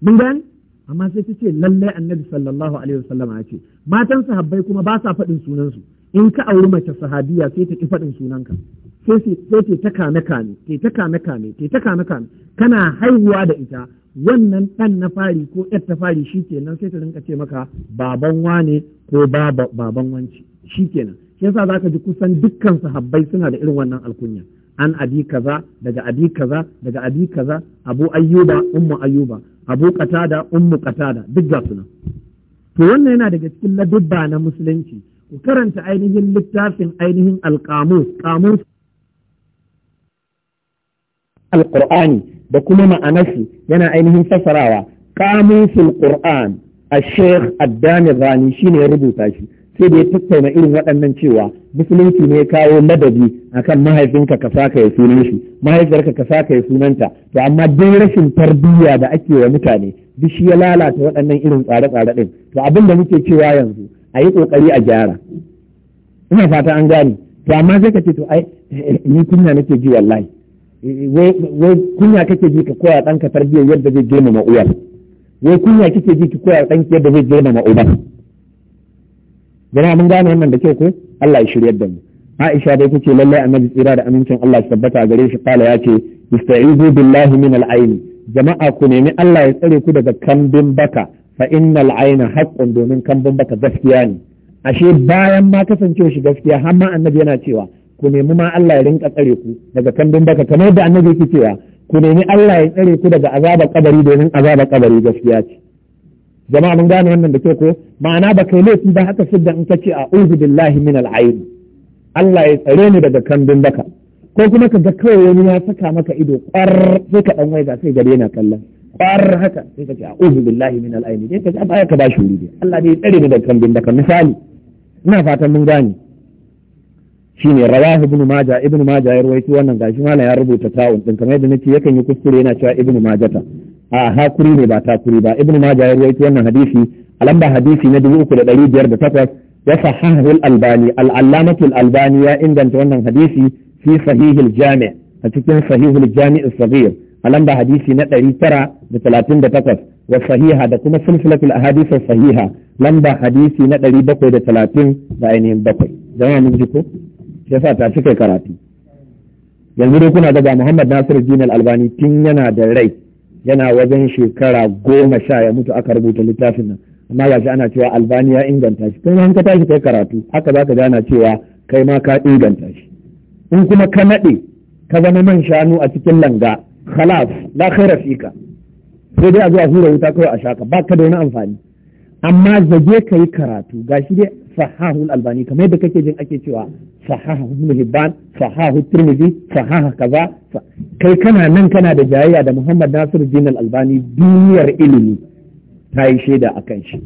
[SPEAKER 1] mun gani amma sai ta ce lallai annabi sallallahu alaihi wasallama ya ce matan sahabbai kuma ba sa faɗin sunansu in ka auri mace sahabiya sai ta ki faɗin sunanka sai sai ta kame kame ta kame kame ta kame kame kana haihuwa da ita wannan ɗan na fari ko ƴar ta fari shi kenan sai ta rinka ce maka baban wane ko baban wanci shi kenan shi yasa ka ji kusan dukkan sahabbai suna da irin wannan alkunya an abi kaza daga abi kaza daga abi kaza abu ayyuba ummu ayyuba abu qatada ummu qatada duk ga suna to wannan yana daga cikin ladubba na musulunci ku karanta ainihin littafin ainihin alqamus qamus alqur'ani da kuma ma'anarsu yana ainihin fassarawa kamusul qur'an al-sheikh ad-dani rani shine ya rubuta shi sai da ya tattauna irin waɗannan cewa musulunci ne ya kawo madadi akan mahaifinka ka saka ya sunan shi mahaifiyarka ka saka ya sunanta to amma duk rashin tarbiyya da ake wa mutane duk shi ya lalata waɗannan irin tsare-tsare ɗin to abin da muke cewa yanzu a yi ƙoƙari a gyara ina fata an gane to amma sai ka ce to ai ni kunna nake ji wallahi wai kunya kake ji ka koya yadda zai wai kunya kake ji koya yadda zai jama'a mun gane wannan da kyau ko Allah ya shiryar da mu Aisha dai tace lallai annabi tsira da amincin Allah ya tabbata gare shi kala ya ce istaizu billahi min al jama'a ku nemi Allah ya tsare ku daga kambin baka fa innal ayna haqqun domin kambin baka gaskiya ne ashe bayan ma kasancewa shi gaskiya har ma annabi yana cewa ku nemi ma Allah ya rinka tsare ku daga kambin baka kamar da annabi yake cewa ku nemi Allah ya tsare ku daga azabar kabari domin azabar kabari gaskiya ce jama'a mun gane wannan da kyau ko ma'ana ba kai laifi ba haka shidda in kace a'udhu billahi min al'ayn Allah ya tsare ni daga kambin baka ko kuma ka ga kawai wani ya saka maka ido kwar sai ka dan waiga sai gare na kallon kwar haka sai ka ce a'udhu billahi min al'ayn dai ka ba ka ba shi wuri Allah ne ya tsare ni daga kambin baka misali ina fatan mun gane shine rawahu ibn maja ibnu maja ya rawaito wannan gashi mala ya rubuta ta'un din kamar yadda nake yakan yi kuskure yana cewa ibnu majata a hakuri ne ba takuri ba ibnu maja ya rawaito wannan hadisi alamba hadisi na 3508 ya sahahu al-albani al-allamatu al-albani ya inganta wannan hadisi fi sahih al-jami' a cikin sahih al-jami' as-saghir alamba hadisi na 938 wa sahiha da kuma silsilatul ahadith as-sahiha lamba hadisi na 730 da ainihin bakwai jama'a mun ji ko sa ta cika karatu yanzu dai kuna daga Muhammad Nasiru Jin albani tun yana da rai yana wajen shekara goma sha ya mutu aka rubuta littafin nan amma ga shi ana cewa Albani ya inganta shi kuma in ka tashi kai karatu haka zaka ka ana cewa kai ma ka inganta shi in kuma ka naɗe, ka zama man shanu a cikin langa khalas la khaira fika sai dai a zuwa hura wuta kawai a shaka baka da wani amfani amma zage ka yi karatu gashi dai sahahul albani kamar yadda kake jin ake cewa sahahu ibn hibban sahahu tirmidhi sahahu kaza kai kana nan kana da jayayya da muhammad nasiruddin albani duniyar ilimi ta yi shaida akan shi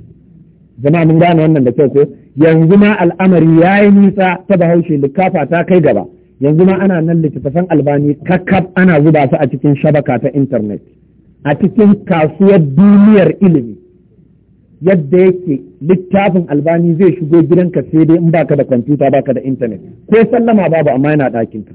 [SPEAKER 1] zama mun gane wannan da kyau ko yanzu ma al'amari yayi nisa ta bahaushe likafa ta kai gaba yanzu ma ana nan littattafan albani kakab ana zuba su a cikin shabaka ta intanet a cikin kasuwar duniyar ilimi yadda yake littafin albani zai shigo gidanka sai dai in baka da kwamfuta baka da intanet ko sallama babu amma yana ɗakinka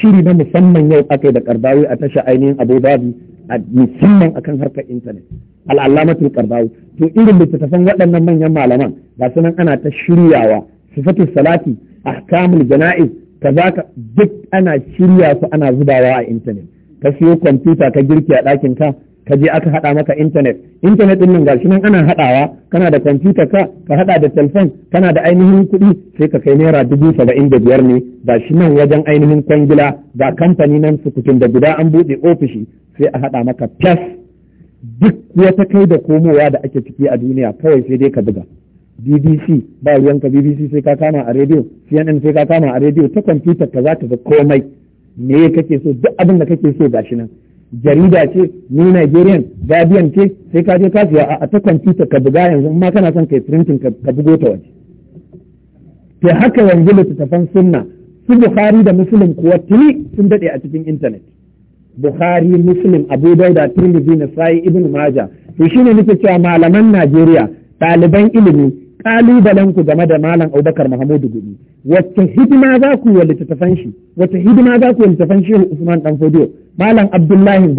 [SPEAKER 1] shiri na musamman yau aka yi da karbawi a tasha ainihin abubabi a musamman akan harkar intanet al'allamatul karbawi to irin littattafan waɗannan manyan malaman ba su nan ana ta shiryawa sifatul salati ahkamul jana'iz kaza ka duk ana shirya su ana zubawa a intanet ka siyo kwamfuta ka girki a ɗakin ka ka je aka haɗa maka intanet intanet ɗin nan shi nan ana haɗawa kana da kwamfuta ka ka haɗa da telefon kana da ainihin kuɗi sai ka kai naira dubu saba'in da biyar ne ba shi nan wajen ainihin kwangila ba kamfani nan sukutun da guda an buɗe ofishi sai a haɗa maka fes duk wata kai da komowa da ake ciki a duniya kawai sai dai ka buga BBC ba ka BBC sai ka kama a rediyo CNN sai ka kama a rediyo ta kwamfuta ka za ta fi komai me kake so duk abin da kake so gashi nan jarida ce ni Nigerian Guardian ce sai ka je ka siya a ta kwamfuta ka buga yanzu ma kana son kai printing ka bugo ta waje to haka yanzu littattafan sunna su Bukhari da Muslim kuwa tuni sun dade a cikin intanet. Bukhari Muslim Abu Dauda Tirmidhi Nasa'i Ibn Majah to shine nake cewa malaman Najeriya ɗaliban ilimi kalubalen ku game da malam Abubakar Muhammadu Gudi wacce hidima za ku yi littattafan shi wacce hidima za ku yi littattafan shi Usman Dan Fodio malam Abdullahi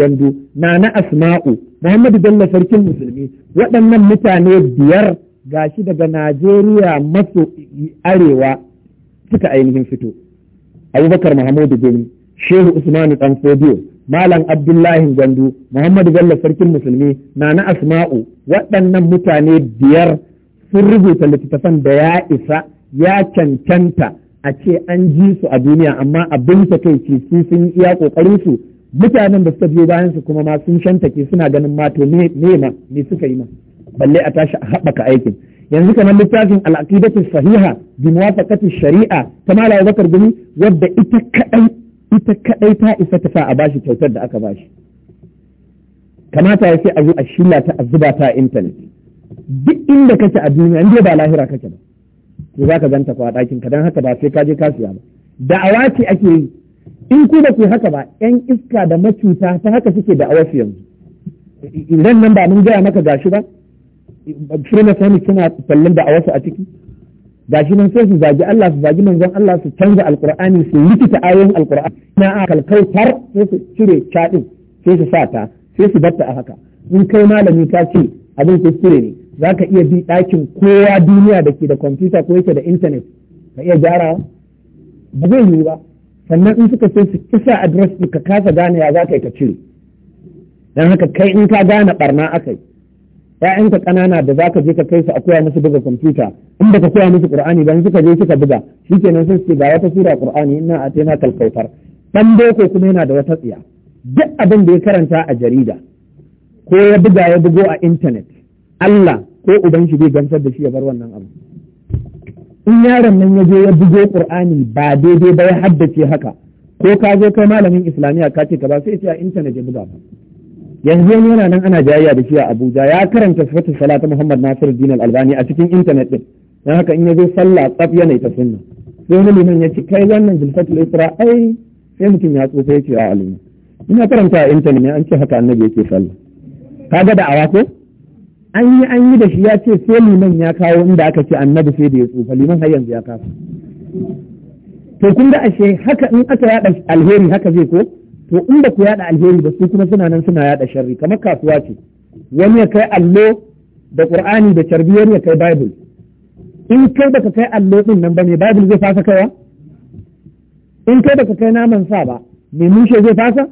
[SPEAKER 1] na na Asma'u Muhammadu Bello sarkin musulmi waɗannan mutane biyar gashi daga Najeriya maso arewa suka ainihin fito Abubakar Muhammadu Gudi Shehu Usman Dan Fodio Malam Abdullahi Gwandu, Muhammadu Bello Sarkin Musulmi, na na Asma'u, waɗannan mutane biyar sun rubuta littattafan da ya isa ya cancanta a ce an ji su a duniya amma abin ta kai ce su sun yi iya kokarin su mutanen da suka biyo bayan su kuma ma sun shantake suna ganin ma to ne ma suka yi ma balle a tashi a haɓaka aikin yanzu kamar littafin al'aqidatu sahiha bi muwafaqati shari'a ta malam Abubakar Gumi wadda ita kadai ita kadai ta isa ta sa a bashi kyautar da aka bashi kamata ya sai a zo a shilla ta a zuba ta intanet duk inda kake a duniya in ba lahira kake ba to za ka zanta kwa ɗakin ka Dan haka ba sai ka je ka siya ba da'awa ce ake yi in ku ba ku haka ba yan iska da macuta ta haka suke da awasu yanzu idan nan ba mun gaya maka gashi ba firma sani suna kallon da awasu a ciki gashi nan sai su zagi Allah su zagi manzon Allah su canza alqur'ani su likita ayoyin alqur'ani na kalkautar sai su cire cadin sai su sa ta sai su batta a haka in kai malami ka ce abin kuskure ne za ka iya bi ɗakin kowa duniya da ke da kwamfuta ko yake da intanet ka iya gyara ba zai yiwu ba sannan in suka so su kisa adres ɗin ka kasa gane ya za ka yi ka cire don haka kai in ka gane barna aka yi ka ƙanana da za ka je ka kai su a koya musu buga kwamfuta in ba ka koya musu qur'ani ba in suka je suka buga shikenan sun ce ga wata sura qur'ani ina a tana kalkautar dan boko kuma yana da wata tsiya duk abin da ya karanta a jarida ko ya buga ya bugo a intanet Allah ko uban shi zai gamsar da shi ya bar wannan abu in yaron nan ya je ya bugo qur'ani ba daidai ba ya haddace haka ko ka zo kai malamin islamiyya ka ce ka ba sai ce a intanet ya buga ba yanzu yanzu yana nan ana jayayya da shi a Abuja ya karanta sifatul Salatu Muhammad Nasir Din albani a cikin intanet din dan haka in ya zo sallah tsaf yana ta sunna sai wani liman ya ce kai wannan jilfatul isra ai sai mutum ya tsofa ya ce a alimi ina karanta a intanet ne an ce haka annabi yake sallah Ka ga awa ko an yi an yi da shi ya ce sai liman ya kawo inda aka ce annabi sai da ya tsufa liman har yanzu ya kafa to kun ga ashe haka in aka yada alheri haka zai ko to inda ku yada alheri ba su kuma suna nan suna yada sharri kamar kasuwa ce wani ya kai allo da qur'ani da tarbiyyar ya kai bible in kai baka kai allo din nan bane bible zai fasa kaiwa in kai baka kai naman sa ba me mushe zai fasa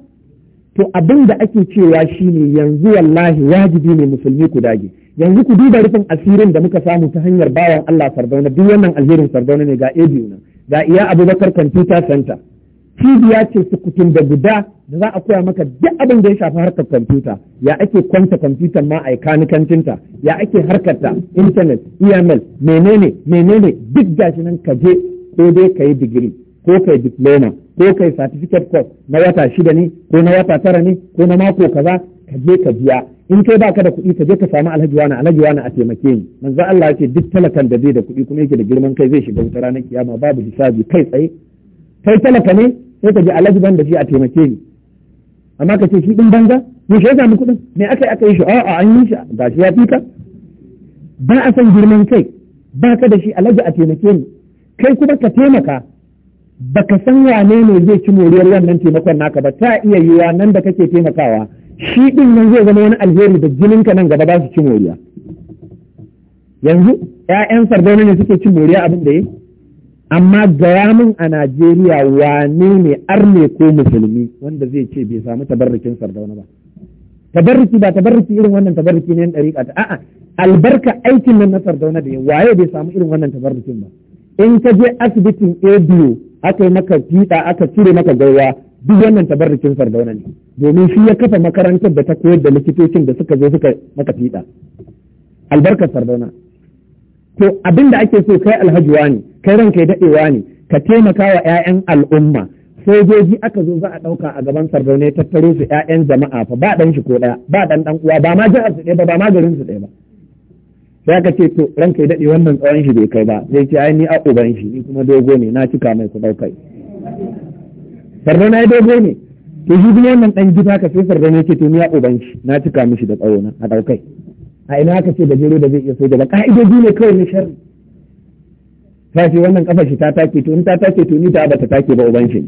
[SPEAKER 1] to abin da ake cewa shine yanzu wallahi wajibi ne musulmi ku dage yanzu ku duba rufin asirin da muka samu ta hanyar bawan Allah Sardauna duk wannan alherin Sardauna ne ga ABU nan ga iya Abubakar Computer Center cibiya ce sukutun da guda da za a koya maka duk abin da ya shafi harkar kwamfuta ya ake kwanta kwamfutar ma a yi kanikancinta ya ake harkarta intanet email menene menene duk gashi nan ka je ko dai ka yi digiri ko kai diploma ko kai certificate course na wata shida ne ko na wata tara ne ko na mako kaza ka je ka biya in kai baka da kuɗi ka je ka samu alhaji wani alhaji wani a taimake ni manzo Allah ce duk talakan da zai da kuɗi kuma yake da girman kai zai shiga wuta ranar kiyama babu hisabi kai tsaye kai talaka ne sai ka je alhaji ban da shi a taimake ni amma ka ce shi din banza ne shi ya samu kuɗin me aka yi aka yi shi a'a an yi shi ba shi ya fi ka ba a san girman kai ba ka da shi alhaji a taimake ni kai kuma ka taimaka baka san wane ne zai ci moriyar wannan taimakon naka ba ta iya yiwa nan da kake taimakawa shi din nan zai zama wani alheri da jinin ka nan gaba ba su ci moriya yanzu 'ya'yan sardauna ne suke ci moriya abin da yi amma gaya min a Najeriya wane ne arne ko musulmi wanda zai ce bai samu tabarrukin sardauna ba tabarruki ba tabarruki irin wannan tabarruki ne ɗari ta a'a albarka aikin nan na sardauna da waye bai samu irin wannan tabarrukin ba in ka je asibitin ABO aka yi maka fiɗa aka cire maka gaiwa duk wannan tabarrukin sardauna ne domin shi ya kafa makarantar da ta koyar da likitocin da suka zo suka maka fiɗa albarkar sardauna to abin da ake so kai alhajiwa ne kai ranka ya daɗewa ne ka taimaka wa 'ya'yan al'umma sojoji aka zo za a ɗauka a gaban sardauna ya tattaro su 'ya'yan jama'a fa ba ɗan shi ko ɗaya ba ɗan ɗan uwa ba ma jihar su ɗaya ba ba ma garin su ɗaya ba sai aka ce to ranka ya daɗe wannan tsawon shi bai kai ba sai ce ai ni a uban shi ni kuma dogo ne na cika mai su ɗaukai sardana ya dogo ne to shi kuma wannan ɗan gida ka sai sardana ya ke to ni a uban shi na cika mishi da tsawo na a ɗaukai a ina aka ce da jere da zai iya soja ba ka'idoji ne kawai na sharri ta ce wannan kafar shi ta take to in ta take to ni ta ba ta take ba uban shi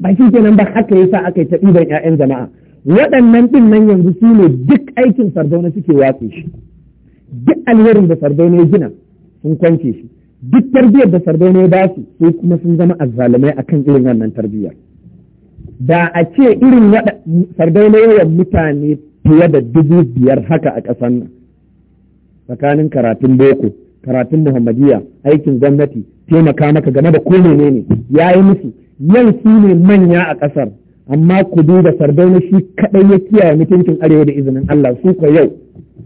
[SPEAKER 1] ba shi kenan ba haka yasa aka yi ta ɗiban 'ya'yan jama'a waɗannan ɗin nan yanzu su ne duk aikin sardauna suke watsa shi duk alherin da sardauna ya gina sun kwance shi duk tarbiyyar da sardauna ya ba su sai kuma sun zama azzalumai akan irin wannan tarbiyyar da a ce irin sardauna yawan mutane fiye da dubu biyar haka a ƙasar nan tsakanin karatun boko karatun muhammadiya aikin gwamnati taimaka maka game da ko menene ya yi musu yau su ne manya a ƙasar amma ku duba sardauna shi kaɗai ya kiyaye mutuncin arewa da izinin allah su ko yau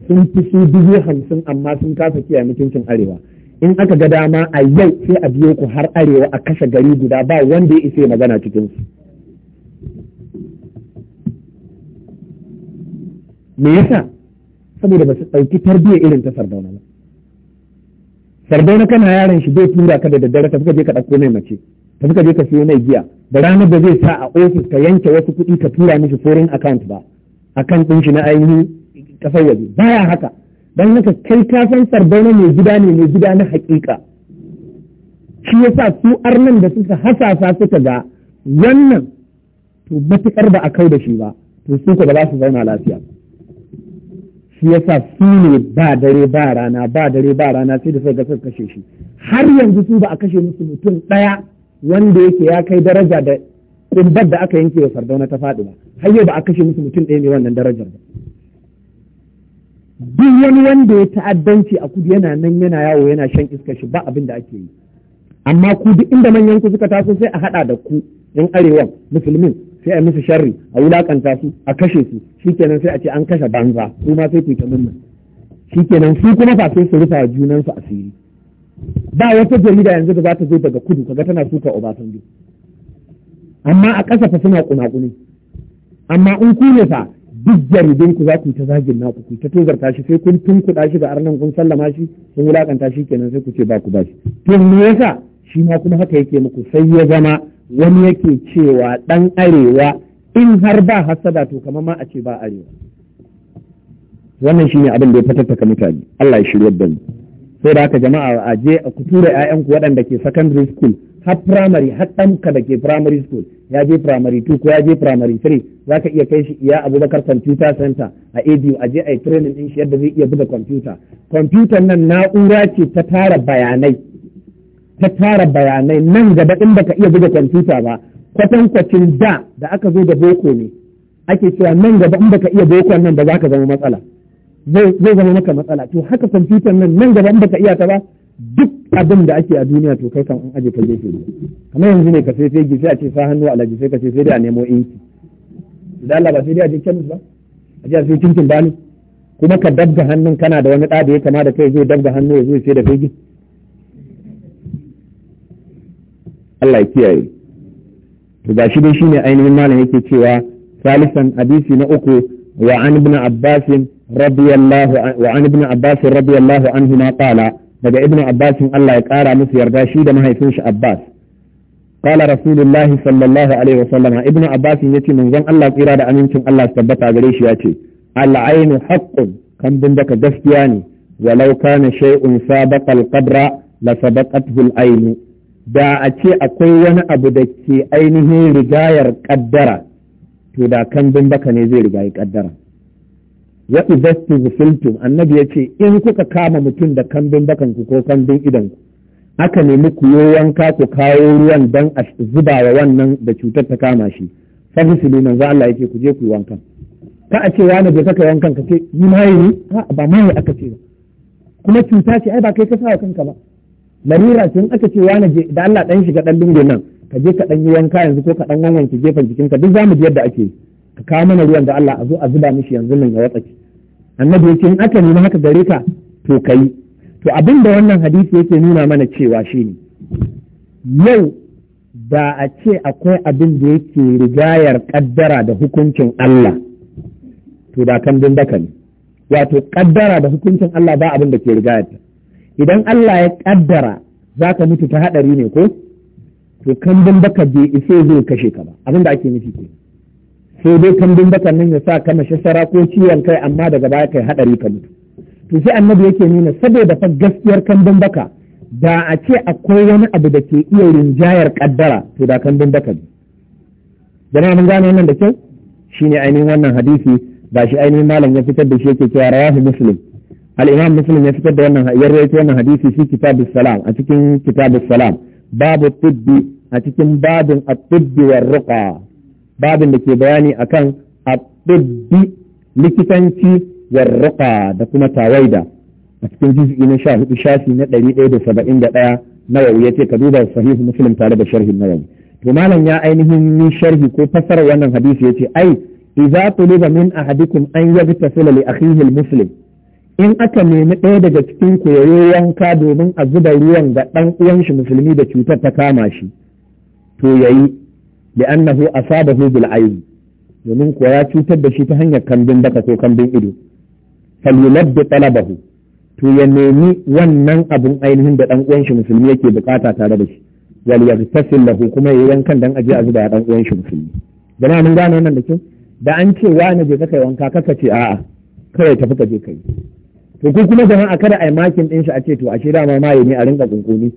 [SPEAKER 1] sun fi su dubu hamsin amma sun kasa kiya mutuncin arewa in aka ga dama a yau sai a biyo ku har arewa a kashe gari guda ba wanda ya isa magana cikin su me yasa saboda ba su ɗauki tarbiyya irin ta sardauna ba sardauna kana yaron shi bai tura ka da daddare tafi ka je ka ɗauko mai mace tafi ka je ka siyo mai giya da ranar da zai sa a ofis ka yanke wasu kuɗi ka tura mishi foreign account ba akan ɗin shi na ainihin kasar baya haka don haka kai ka san sardauna mai gida ne mai gida na hakika shi yasa su arnan da suka hasasa suka ga wannan to matukar ba a kau da shi ba to su ba za su zauna lafiya shi yasa su ne ba dare ba rana ba dare ba rana sai da suka gasar kashe shi har yanzu su ba a kashe musu mutum ɗaya wanda yake ya kai daraja da kumbar da aka yanke wa sardauna ta faɗi ba har yau ba a kashe musu mutum ɗaya ne wannan darajar ba duk wani wanda ya ta'addanci a kudu yana nan yana yawo yana shan iska shi ba abin da ake yi amma ku duk inda manyan ku suka taso sai a haɗa da ku in arewan musulmin sai a musu sharri a wulakanta su a kashe su shikenan sai a ce an kashe banza su ma sai ku ta murna shikenan su kuma fa sai su rufa junan su asiri ba wata jarida yanzu da za ta zo daga kudu kaga tana suka Obasanjo amma a ƙasa fa suna kunakuni amma in ku fa duk jaridin ku za ku ta zagin naku ku ta tozarta shi sai kun tunkuɗa shi ga arnan kun sallama shi sun wulakanta shi kenan sai ku ce ba ku ba shi to me yasa shi ma kuma haka yake muku sai ya zama wani yake cewa ɗan arewa in har ba hasada to kamar ma a ce ba arewa wannan shine abin da ya ka mutane Allah ya shirya da mu sai da haka jama'a a je a ku tura 'ya'yanku waɗanda ke secondary school har primary har ɗanka da ke primary school ya je primary 2 ko ya je primary 3 za ka iya kai shi iya abubakar computer center a abu a je a yi training din shi yadda zai iya buga computer computer nan na'ura ce ta tara bayanai ta tara bayanai nan gaba in baka iya buga computer ba kwatankwacin da da aka zo da boko ne ake cewa nan gaba in baka iya boko nan ba za ka zama matsala zai zama maka matsala to haka computer nan nan gaba in baka iya ta ba duk abin da ake a duniya to kai kan an aje ka gefe ne kamar yanzu ne ka sai gi sai a ce sa hannu alaji sai ka ce sai da a nemo inki da Allah ba sai dai a je kemis ba a je a sai tinkin bani kuma ka dabga hannun kana da wani ɗa da ya kama da kai zai dabga hannu ya zo sai da gi Allah ya kiyaye to shi dai shine ainihin malam yake cewa salisan hadisi na uku wa an ibn abbas radiyallahu wa an ibn abbas radiyallahu anhu ma qala daga Ibnu Abbas Allah ya kara musu yarda shi da mahaifin shi Abbas qala rasulullah sallallahu alaihi wasallam ibn Abbas yace manzon Allah tsira da amincin Allah tabbata gare shi ya ce ainu haqqun kan bin daga gaskiya ne walau kana shay'un sabaqa al-qabra la sabaqathu al-ainu da a ce akwai wani abu da ke ainihin rigayar kaddara to da kan bin baka ne zai rigayi kaddara ya idastu zufiltum annabi yace in kuka kama mutum da kambin bakan ku ko kambin idan ku aka nemi ku yi wanka ku kawo ruwan dan a zuba wa wannan da cutar ta kama shi fahimsulu za Allah yake ku je ku yi wankan ka a ce wani bai saka wankan ka ce yi maye ne ba maye aka ce ba kuma cuta ce ai ba kai ka sa kanka ba larura ce in aka ce wani je da Allah dan shiga dan lungu nan ka je ka dan yi wanka yanzu ko ka dan wanwanke gefen jikinka duk zamu ji yadda ake yi ka kawo mana ruwan da Allah a zo a zuba mishi yanzu nan ya watsaki annabi yake in aka nemi haka gare ka to kai to abin da wannan hadisi yake nuna mana cewa shine yau da a ce akwai abin da yake rigayar kaddara da hukuncin Allah to da kan bin baka ne wato kaddara da hukuncin Allah ba abin da ke rigayar ta idan Allah ya kaddara za ka mutu ta haɗari ne ko to kan bin baka bai iso zai kashe ka ba abin da ake nufi kenan sai dai kambin bakan nan ya sa ka mashi sara ko ciwon kai amma daga baya kai haɗari ka mutu to sai annabi yake nuna saboda fa gaskiyar kambin baka da a ce akwai wani abu da ke iya rinjayar kaddara to da kambin baka ne jama'a mun gane wannan da kyau shine ainihin wannan hadisi ba shi ainihin malam ya fitar da shi yake cewa rawahu muslim al-imam muslim ya fitar da wannan ya rawaito wannan hadisi fi kitabus salam a cikin kitabus salam babu tibbi a cikin babin at-tibbi war ruqa babin da ke bayani akan abdubbi likitanci warraƙa da kuma tawaida a cikin juz'i na hudu shafi na ɗaya nawawi yace ka duba sahihu muslim tare da sharhin nawawi to malam ya ainihin yi sharhi ko fasar wannan hadisi yace ai idza tuliba min ahadikum an yaghtasila li akhihi muslim in aka nemi ɗaya daga cikin ku yayi wanka domin a zuba ruwan ga ɗan uwan shi musulmi da cutar ta kama shi to yayi bi annahu saba bil ayn domin kuwa ya cutar da shi ta hanyar kambin baka ko kambin ido falyulabbi ɗalabahu. to ya nemi wannan abun ainihin da dan uwan musulmi yake bukata tare da shi wal yaghtasil lahu kuma ya yankan dan aje a zuba a dan uwan musulmi Gana mun gano wannan da kyau da an ce wani je kai wanka kaka ce a'a kawai tafi ka je kai to ku kuma jama'a kada ai makin din shi a ce to ashe dama ma ne a rinka kunkuni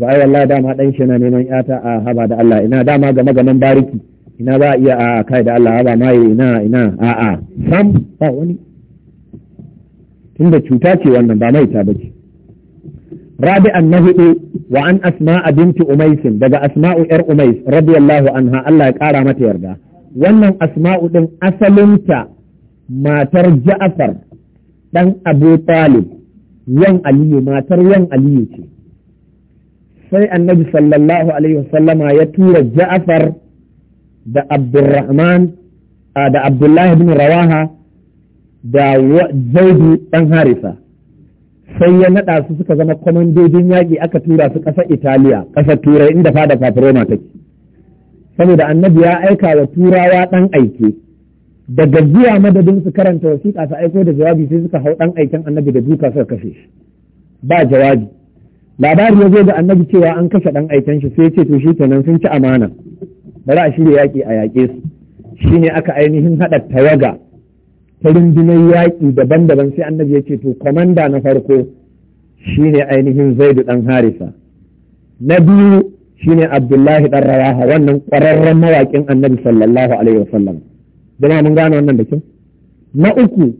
[SPEAKER 1] to ai wallahi dama dan shi yana neman yata a haba da Allah ina dama ga maganin bariki ina za a iya a kai da Allah haba mai ina ina a a sam ba wani tunda cuta ce wannan ba mai ta bace رابعا wa an asma'a بنت umays daga asma'u إر umays radiyallahu anha Allah ya kara mata yarda wannan asma'u ɗin asalinta matar ja'afar ɗan abu talib yan aliyu matar yan aliyu ce sai annabi sallallahu alaihi wasallama ya tura ja'afar da abdurrahman da abdullahi bin rawaha da zaidu dan harisa sai ya naɗa su suka zama kwamandojin yaƙi aka tura su ƙasar italiya ƙasar turai inda fada fafiroma take saboda annabi ya aika wa turawa ɗan aike daga zuwa madadin su karanta wasiƙa su aiko da jawabi sai suka hau ɗan aiken annabi da duka suka kashe shi ba jawabi labari ya zo da annabi cewa an kashe dan aikan shi sai ya ce to shi kenan sun ci amana bari a shirya yaƙi a yaƙe su shine aka ainihin haɗa tawaga ta rundunar yaƙi daban-daban sai annabi ya ce to kwamanda na farko shine ainihin zaidu ɗan harisa na biyu shine abdullahi ɗan rawaha wannan ƙwararren mawaƙin annabi sallallahu alaihi wasallam jama'a mun gane wannan da kyau na uku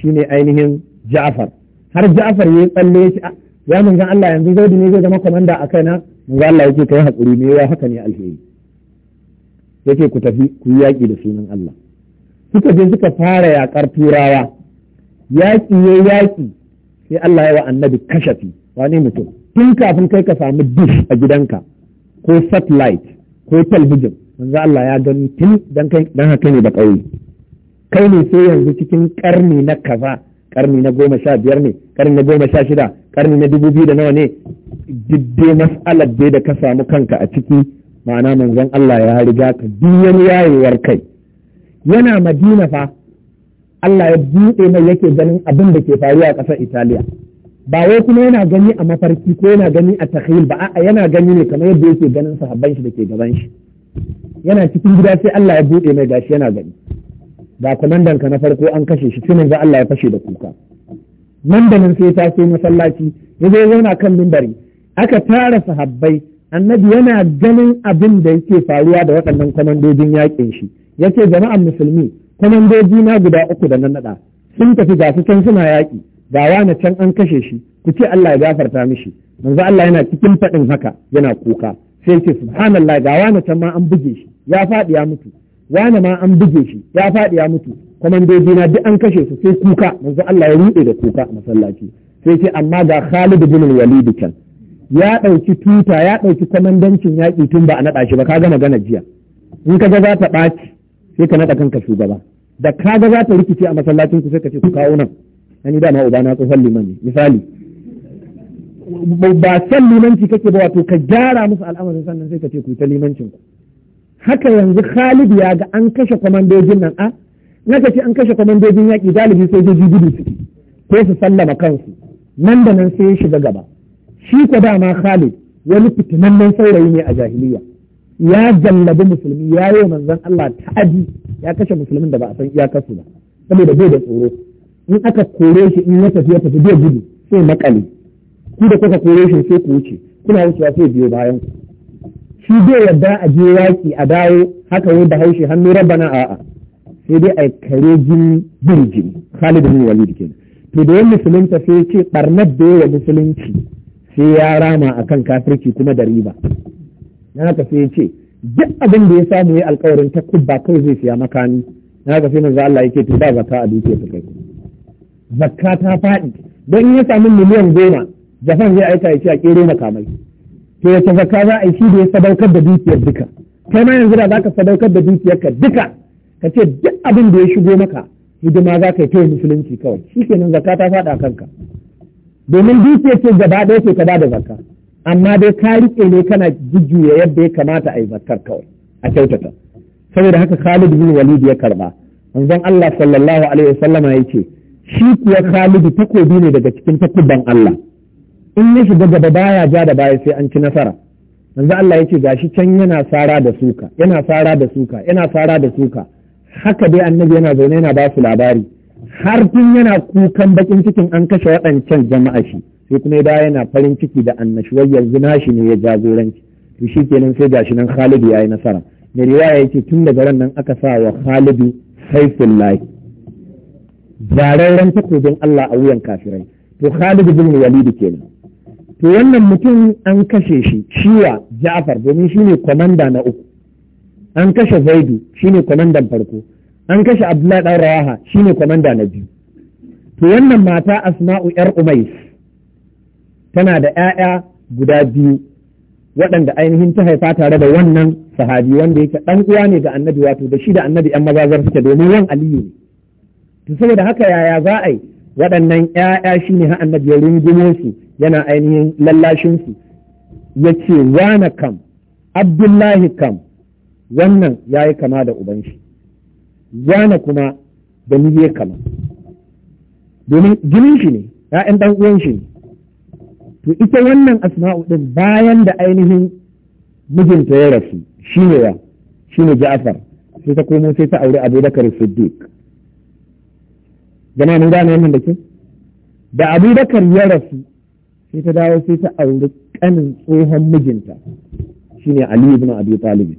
[SPEAKER 1] shine ainihin ja'far har ja'far ya tsalle ya ce ya manzan Allah yanzu zai ne zai zama komanda a kaina manzan Allah yake kai hakuri ne ya haka ne alheri yake ku tafi ku yi yaƙi da sunan Allah suka je suka fara yaƙar turawa yaƙi ya yaƙi sai Allah ya wa annabi kashafi wani mutum tun kafin kai ka samu dish a gidanka ko satellite ko talbijin manzo Allah ya gani tun dan kai dan haka ne ba ƙauye kai ne sai yanzu cikin karni na kaza karni na goma sha biyar ne karni na goma sha shida karni na dubu biyu da nawa ne Gidde mas'alar dai da ka samu kanka a ciki ma'ana manzon Allah ya riga ka duniyar yayewar kai yana madina fa Allah ya buɗe mai yake ganin abin da ke faruwa a ƙasar Italiya ba wai kuma yana gani a mafarki ko yana gani a takhil ba a'a yana gani ne kamar yadda yake ganin sahabban shi da ke gaban shi yana cikin gida sai Allah ya buɗe mai gashi yana gani Ba kwamandan ka na farko an kashe shi tunan za Allah ya fashe da kuka nan da nan sai ta ce masallaci ya zai zauna kan mimbari aka tara sahabbai annabi yana ganin abin da yake faruwa da waɗannan kwamandojin yaƙin shi yace jama'an musulmi kwamandoji na guda uku da na naɗa sun tafi gasu can suna yaƙi ga wani can an kashe shi ku ce Allah ya gafarta mishi manzo Allah yana cikin faɗin haka yana kuka sai ce subhanallah ga wani can ma an buge shi ya faɗi ya mutu wani ma an buge shi ya faɗi ya mutu kwamandoji na duk an kashe su sai kuka manzo Allah ya rude da kuka a masallaci sai ce amma ga Khalid bin Walid kan ya ɗauki tuta ya ɗauki kwamandancin yaƙi tun ba a naɗa shi ba ka ga magana jiya in ka za ta ɓaci sai ka naɗa kanka shugaba da kaga za ta rikice a masallacin ku sai ka ce ku kawo nan an yi dama uba na tsohon liman misali ba san limanci kake ba wato ka gyara musu al'amarin sannan sai ka ce ku ta limancin ku haka yanzu Khalid ya ga an kashe kwamandojin nan a ah, na ce an kashe kwamandojin yaƙi dalibi sojoji gudu suke ko su sallama kansu nan da nan sai ya shiga gaba shi ko dama Khalid wani fitinannen saurayi ne a jahiliya ya jallabi musulmi ya yi manzon Allah ta'adi ya kashe musulmin da ba a san iyakarsu ba saboda bai da tsoro in aka kore shi in ya tafi ya tafi bai gudu sai makale ku da kuka kore shi sai ku wuce kuna wucewa sai biyo bayan ku shi bai yarda a je yaki a dawo haka wai da haushi hannu rabbana a'a sai dai a kare jini jini Khalid bin Walid kenan to da yan musulunta sai ce barnar da yawa musulunci sai ya rama akan kafirci kuma da riba na haka sai ya ce duk abin da ya samu ya alkawarin ta kubba kai zai siya ni, na haka sai manzo Allah yake to ba zakka a duke ta kai zakka ta faɗi don ya samu miliyan goma Jafan zai aika ya ce a kere makamai to ya zakka za a yi shi da ya sadaukar da dukiyar duka kai ma yanzu da zaka sadaukar da dukiyar ka duka ka ce duk abin da ya shigo maka hidima za ka yi ta musulunci kawai shi kenan zakka ta faɗa kanka domin dukiyar ce gaba ɗaya ce ka ba da zakka amma dai ka riƙe ne kana jujjuya yadda ya kamata a yi zakkar kawai a kyautata saboda haka Khalid bin Walid ya karba manzon Allah sallallahu alaihi wasallama ya ce shi kuwa Khalid takobi ne daga cikin takuban Allah in ya shiga gaba baya ja da baya sai an ci nasara manzon Allah ya ce gashi can yana sara da suka yana sara da suka yana sara da suka haka dai annabi yana zaune yana ba su labari har tun yana kukan bakin cikin an kashe waɗancan jama'a shi sai kuma da yana farin ciki da annashuwar yanzu nashi ne ya jagoranci to shi kenan sai gashi nan Khalidu yi nasara mai riwaya ce tun daga garan nan aka sa wa Khalidu saifullahi zararren takobin Allah a wuyan kafirai to Khalidu bin Walid kenan to wannan mutum an kashe shi shiwa Ja'far domin shine komanda na uku an kashe zaidu shine kwamandan farko an kashe abdullahi dan rawaha shine kwamanda na biyu to wannan mata asma'u yar umais tana da 'ya'ya guda biyu waɗanda ainihin ta haifa tare da wannan sahabi wanda yake ɗan uwa ne ga annabi wato da shi da annabi yan mazazar suke domin yan aliyu ne to saboda haka yaya za a yi waɗannan 'ya'ya shine ha annabi ya rungume su yana ainihin lallashinsu? su yace wana kam abdullahi kam wannan ya yi kama da uban shi yana kuma da ni ya kama domin jinin shi ne ya'yan dan uwan shi ne to ita wannan asma'u ɗin bayan da ainihin mijinta ya rasu shi ne ya shi ne ja'afar sai ta komo sai ta aure abubakar siddiq jama'a mun gane wannan da ke da abubakar ya rasu sai ta dawo sai ta auri ƙanin tsohon mijinta Shi ne ali ibn abi talib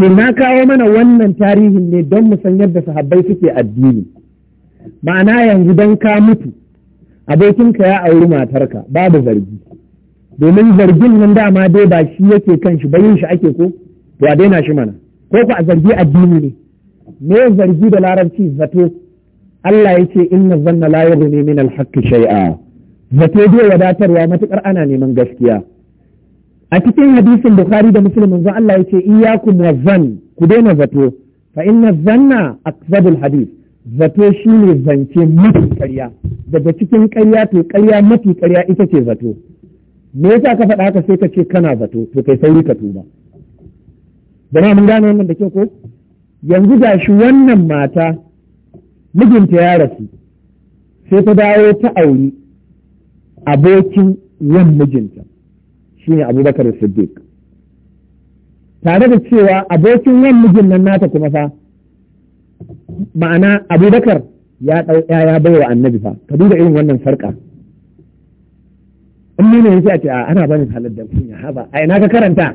[SPEAKER 1] to na kawo mana wannan tarihin ne don mu san yadda sahabbai suke addini ma'ana yanzu don ka mutu abokinka ya auri matarka babu zargi domin zargin nan dama dai ba shi yake kan shi bayin shi ake ko to a daina shi mana ko ku a zargi addini ne me zargi da larabci zato Allah ya ce inna zanna la yughni min al shay'a zato dai wadatarwa matukar ana neman gaskiya a cikin hadisin bukhari da muslim manzo Allah yace iyyakum wazan ku daina zato fa inna zanna akzabul hadith zato shine zance mafi ƙarya daga cikin ƙarya to ƙarya mafi ƙarya ita ce zato me yasa ka faɗa haka sai ka ce kana zato to kai sauri ka tuba jama'a mun gane wannan da kyau ko yanzu gashi wannan mata mijinta ya rasu sai ta dawo ta auri abokin yan mijinta shine abubakar siddiq tare da cewa abokin yan mijin nan nata kuma fa ma'ana abubakar ya ɗau ya bai wa annabi fa ka duba irin wannan sarƙa in ne ne sai a ce ana barin halar dan kunya haba a ina ka karanta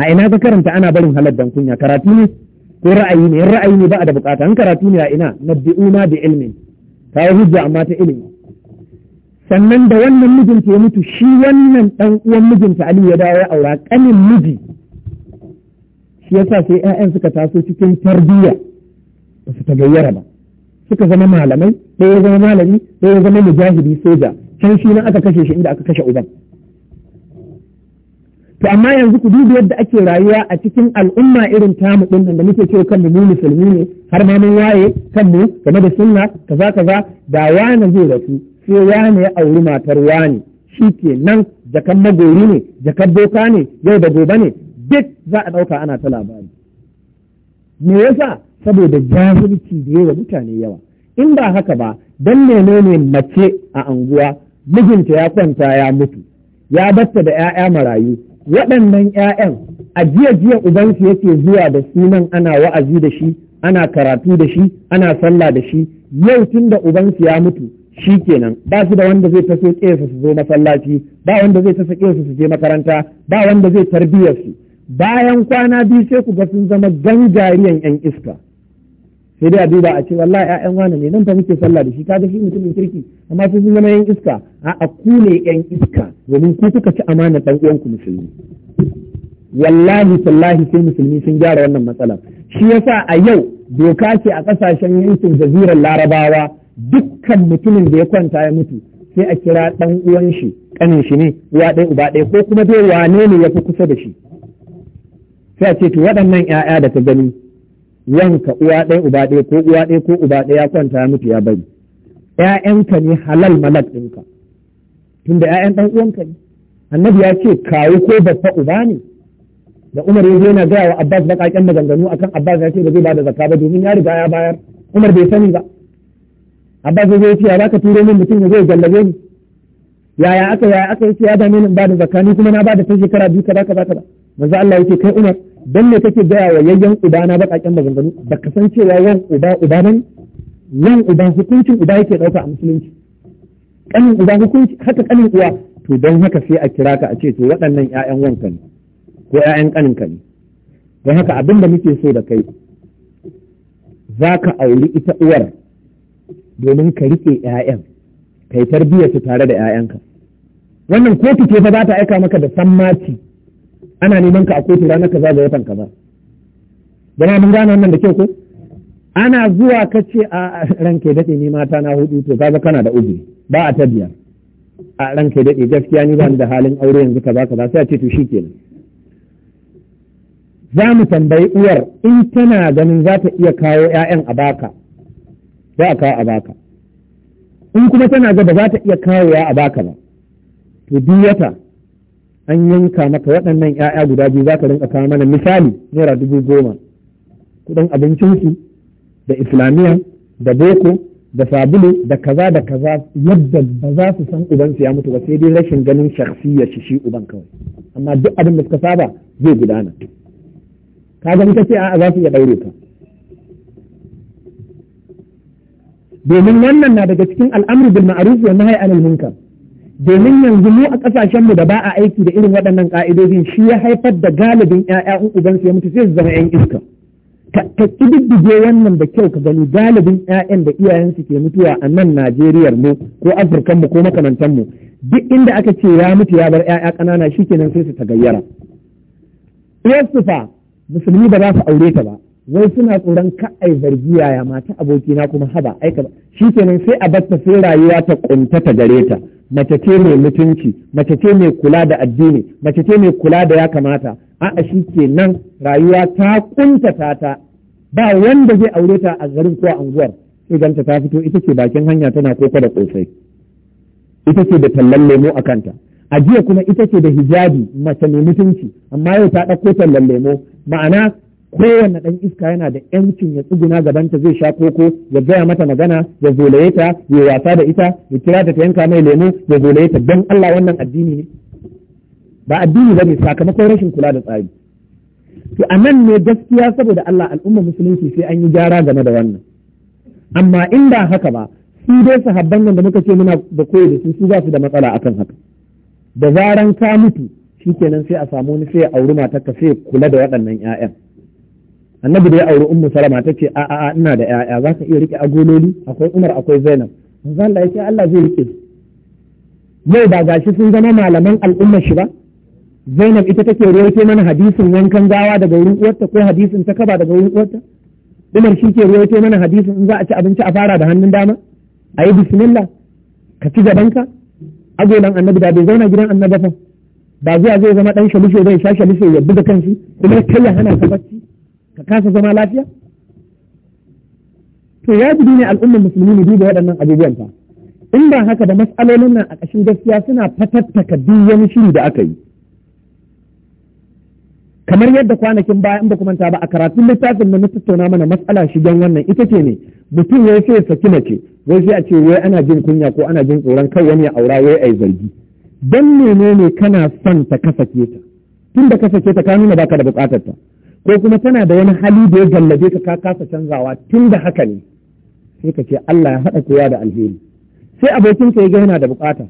[SPEAKER 1] a ina ka karanta ana barin halar dan kunya karatu ne ko ra'ayi ne ra'ayi ne ba a da bukata an karatu ne a ina nabbi'una bi ilmin kawo hujja amma ta ilimi sannan da wannan mijinta ya mutu shi wannan ɗan uwan mijinta Ali ya dawo ya aura ƙanin miji shi yasa sai 'ya'yan suka taso cikin tarbiyya ba su tagayyara ba suka zama malamai ɗaya ya zama malami ɗaya ya zama mujahidi soja can shi na aka kashe shi inda aka kashe uban to amma yanzu ku da yadda ake rayuwa a cikin al'umma irin tamu ɗin nan da muke cewa kan mu musulmi ne har ma mun waye kan mu game da sunna kaza kaza da wani zai rasu sai ne ya auri matar ne shi ke nan jakan magori ne jakan boka ne yau da gobe ne duk za a ɗauka ana ta labari me yasa saboda jahilci da yawa mutane yawa in ba haka ba dan ne mace a anguwa mijinta ya kwanta ya mutu ya batta da 'ya'ya marayu waɗannan 'ya'yan a jiya jiya ubansu yake zuwa da sunan ana wa'azi da shi ana karatu da shi ana sallah da shi yau tun da ubansu ya mutu shi kenan ba su da wanda zai taso ƙesa su zo masallaci ba wanda zai taso ƙesa su je makaranta ba wanda zai tarbiyyar su bayan kwana biyu sai ku ga sun zama gangariyan yan iska sai dai a duba a ce wallahi ƴaƴan wani ne nan fa muke sallah da shi ka shi mutumin kirki amma sai sun zama yan iska a ku ne yan iska domin ku kuka ci amana ɗan uwanku musulmi wallahi sallahi sai musulmi sun gyara wannan matsalar shi yasa a yau doka ce a kasashen yankin jazirar larabawa dukkan mutumin da ya kwanta ya mutu sai a kira ɗan uwan shi ƙanin shi ne uwa ɗaya uba ɗaya ko kuma dai wane ne ya fi kusa da shi sai a ce to waɗannan ƴaƴa da ka gani yanka uwa ɗaya uba ɗaya ko uwa ɗaya ko uba ɗaya ya kwanta ya mutu ya bari ƴaƴanka ne halal malak ɗinka tunda ƴaƴan ɗan uwanka ne annabi ya ce kawu ko babba uba ne da Umar ya yana gaya wa Abbas baƙaƙen maganganu akan Abbas ya ce ba zai bada zakka ba domin ya riga ya bayar Umar bai sani ba Abbas ya ce ya ka turo min mutum ya zai gallabe ni yaya aka yaya aka yace ya dame ni da zakka ni kuma na ba da ta shekara biyu kaza kaza kaza manzo Allah yake kai Umar dan me kake gaya wa yayyan ubana baƙaƙen maganganu ba ka san cewa yan uba uba nan yan uba hukuncin uba yake ɗauka a musulunci kanin uba hukunci haka kanin uwa to don haka sai a kira ka a ce to waɗannan ƴaƴan wanka ne ko ƴaƴan ƙaninka ne don haka abin da muke so da kai za ka auri ita uwar domin ka riƙe ƴaƴan kai tarbiyyar su tare da yayanka wannan kotu ke fa za ta aika maka da sammaci ana neman ka a kotu ranar ka da watan kaza jama'a mun gane wannan da kyau ko ana zuwa ka ce a ranke daɗe ni mata na hudu to kaga kana da ubi ba a ta biyar a ranke daɗe gaskiya ni ba da halin aure yanzu za ka ba sai a ce to kenan. za mu tambayi uwar in tana ganin za ta iya kawo 'ya'yan a baka za a kawo a baka in kuma tana ga ba za ta iya kawo ya a baka ba to duk an yanka maka waɗannan 'ya'ya guda biyu za ka rinka kawo mana misali naira dubu goma kuɗin abincinsu da islamiyya da boko da sabulu da kaza da kaza yadda ba za su san ubansu ya mutu ba sai dai rashin ganin shakhsiyar shi shi uban kawai amma duk abin da suka saba zai gudana Ka kaga in ce a'a za su iya daure ka domin wannan na daga cikin al'amru bil ma'ruf wa nahy anil munkar domin yanzu mu a kasashen mu da ba a aiki da irin waɗannan ka'idojin shi ya haifar da galibin ƴaƴa in uban su ya mutu sai su zama ƴan iska ka kididdige wannan da kyau ka gani galibin ƴaƴan da iyayensu ke mutuwa a nan Najeriya mu ko Afirkan mu ko makamantan mu duk inda aka ce ya mutu ya bar ƴaƴa ƙanana shikenan sai su ta gayyara. fa musulmi ba za su aure ta ba wai suna tsoron ka'ai zargi yaya mata abokina kuma haba aika ba shi kenan sai a batta sai rayuwa ta ƙuntata gare ta mace ce mai mutunci mace ce mai kula da addini mace ce mai kula da ya kamata a'a shi kenan rayuwa ta kuntata ta ba wanda zai aure ta a garin ko a unguwar sai ganta ta fito ita ce bakin hanya tana koko da kosai ita ce da tallan lemo a kanta ajiya kuma ita ce da hijabi mace mai mutunci amma yau ta ɗauko tallan lemo ma'ana kowanne ɗan iska yana da yancin ya tsuguna gabanta zai sha koko ya gaya mata magana ya zolaye ta ya wasa da ita ya kira ta ta yanka mai lemo ya zolaye ta don Allah wannan addini ne ba addini ba ne sakamakon rashin kula da tsari to a nan ne gaskiya saboda Allah al'umma musulunci sai an yi gyara game da wannan amma in ba haka ba su dai sahabban nan da muka ce muna da koyi da su su za su da matsala akan haka da zaran ka mutu shi kenan sai a samu wani sai ya auri matarka sai kula da waɗannan 'ya'yan annabi da ya auri ummu salama ta ce a a ina da 'ya'ya za ka iya rike agololi akwai umar akwai zainab manzo Allah ya Allah zai rike yau ba gashi sun zama malaman al'ummar shi ba Zainab ita take ruwaito mana hadisin wankan gawa daga wurin uwarta ko hadisin ta kaba daga wurin uwarta Umar shi ke ruwaito mana hadisin in za a ci abinci a fara da hannun dama Ayi yi bismillah ka ci ka. agolan annabi da bai zauna gidan annabi fa ba zuwa zai zama dan shalishe zai sha shalishe ya buga kanshi kuma kai ya hana ka bacci ka kasa zama lafiya to ya ji ne al'ummar musulmi ne duba waɗannan abubuwan ta in ba haka da matsalolin nan a ƙashin gaskiya suna fatattaka duk wani shiri da aka yi kamar yadda kwanakin baya in ba manta ba a karatun littafin na tattauna mana matsala shigen wannan ita ce ne mutum ya ce saki mace wai sai a ce wai ana jin kunya ko ana jin tsoron kai wani ya aura wai ai zargi dan menene kana son ta ka ta tun da ka ta ka nuna baka da bukatar ta ko kuma tana da wani hali da ya gallabe ka ka kasa canzawa tun da haka ne sai ka ce Allah ya haɗa kowa da alheri sai abokin ka ya ga yana da bukata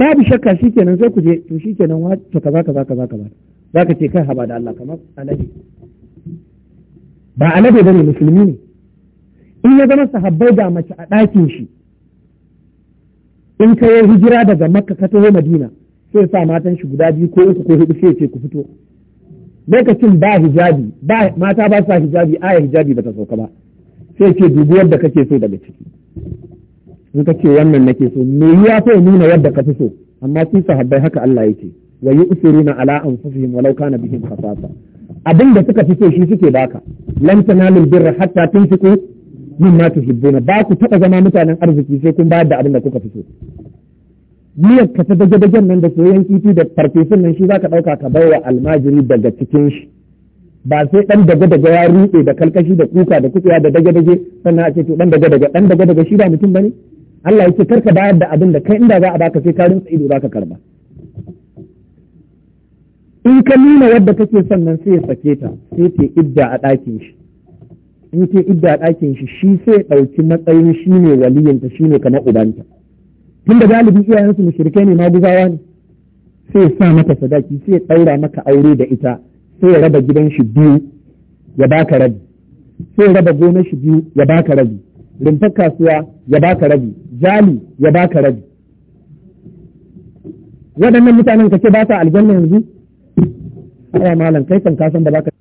[SPEAKER 1] babu shakka shikenan sai ku je to shikenan wa to kaza kaza kaza kaza za ka ce kai haba da Allah kamar alade ba alade bane musulmi ne in ya zama sahabbai da mace a ɗakin shi in ka yi hijira daga makka ka taho madina sai sa matan shi guda biyu ko uku ko hudu sai ce ku fito lokacin ba hijabi ba mata ba sa hijabi aya hijabi ba ta sauka ba sai ce dubi yadda kake so daga ciki in ka ce wannan nake so me ya so nuna yadda ka fi so amma sun sahabbai haka Allah yake ce wa yu'thiruna ala'an in walau kana bihim khasasa abin da suka fi so shi suke baka lan tanalul birra hatta tunfiqu mimma tuhibbuna ba ku taba zama mutanen arziki sai kun bayar da abin da kuka fi so miyar ka ta dage dagen nan da soyayyen titi da farfesun nan shi zaka dauka ka baiwa almajiri daga cikin shi ba sai dan daga daga ya rube da kalkashi da kuka da kutsiya da dage dage sannan a ce to dan daga daga dan daga daga shi ba mutum bane Allah yake karka bayar da abin da kai inda za a baka sai ka rinsa ido zaka karba in ka nuna yadda take sannan sai ya sake ta sai ke idda a ɗakin shi in ke idda a ɗakin shi shi sai ɗauki matsayin shi ne waliyinta shi ne kamar ubanta tun da galibi iyayensu mushrikai ne maguzawa ne sai ya sa maka sadaki sai ya ɗaura maka aure da ita sai ya raba gidan shi biyu ya baka rabi sai ya raba gonar shi biyu ya baka rabi rumfar kasuwa ya baka rabi jali ya baka rabi waɗannan mutanen kake ba sa aljanna yanzu ya malam kai kan kasan ba za ka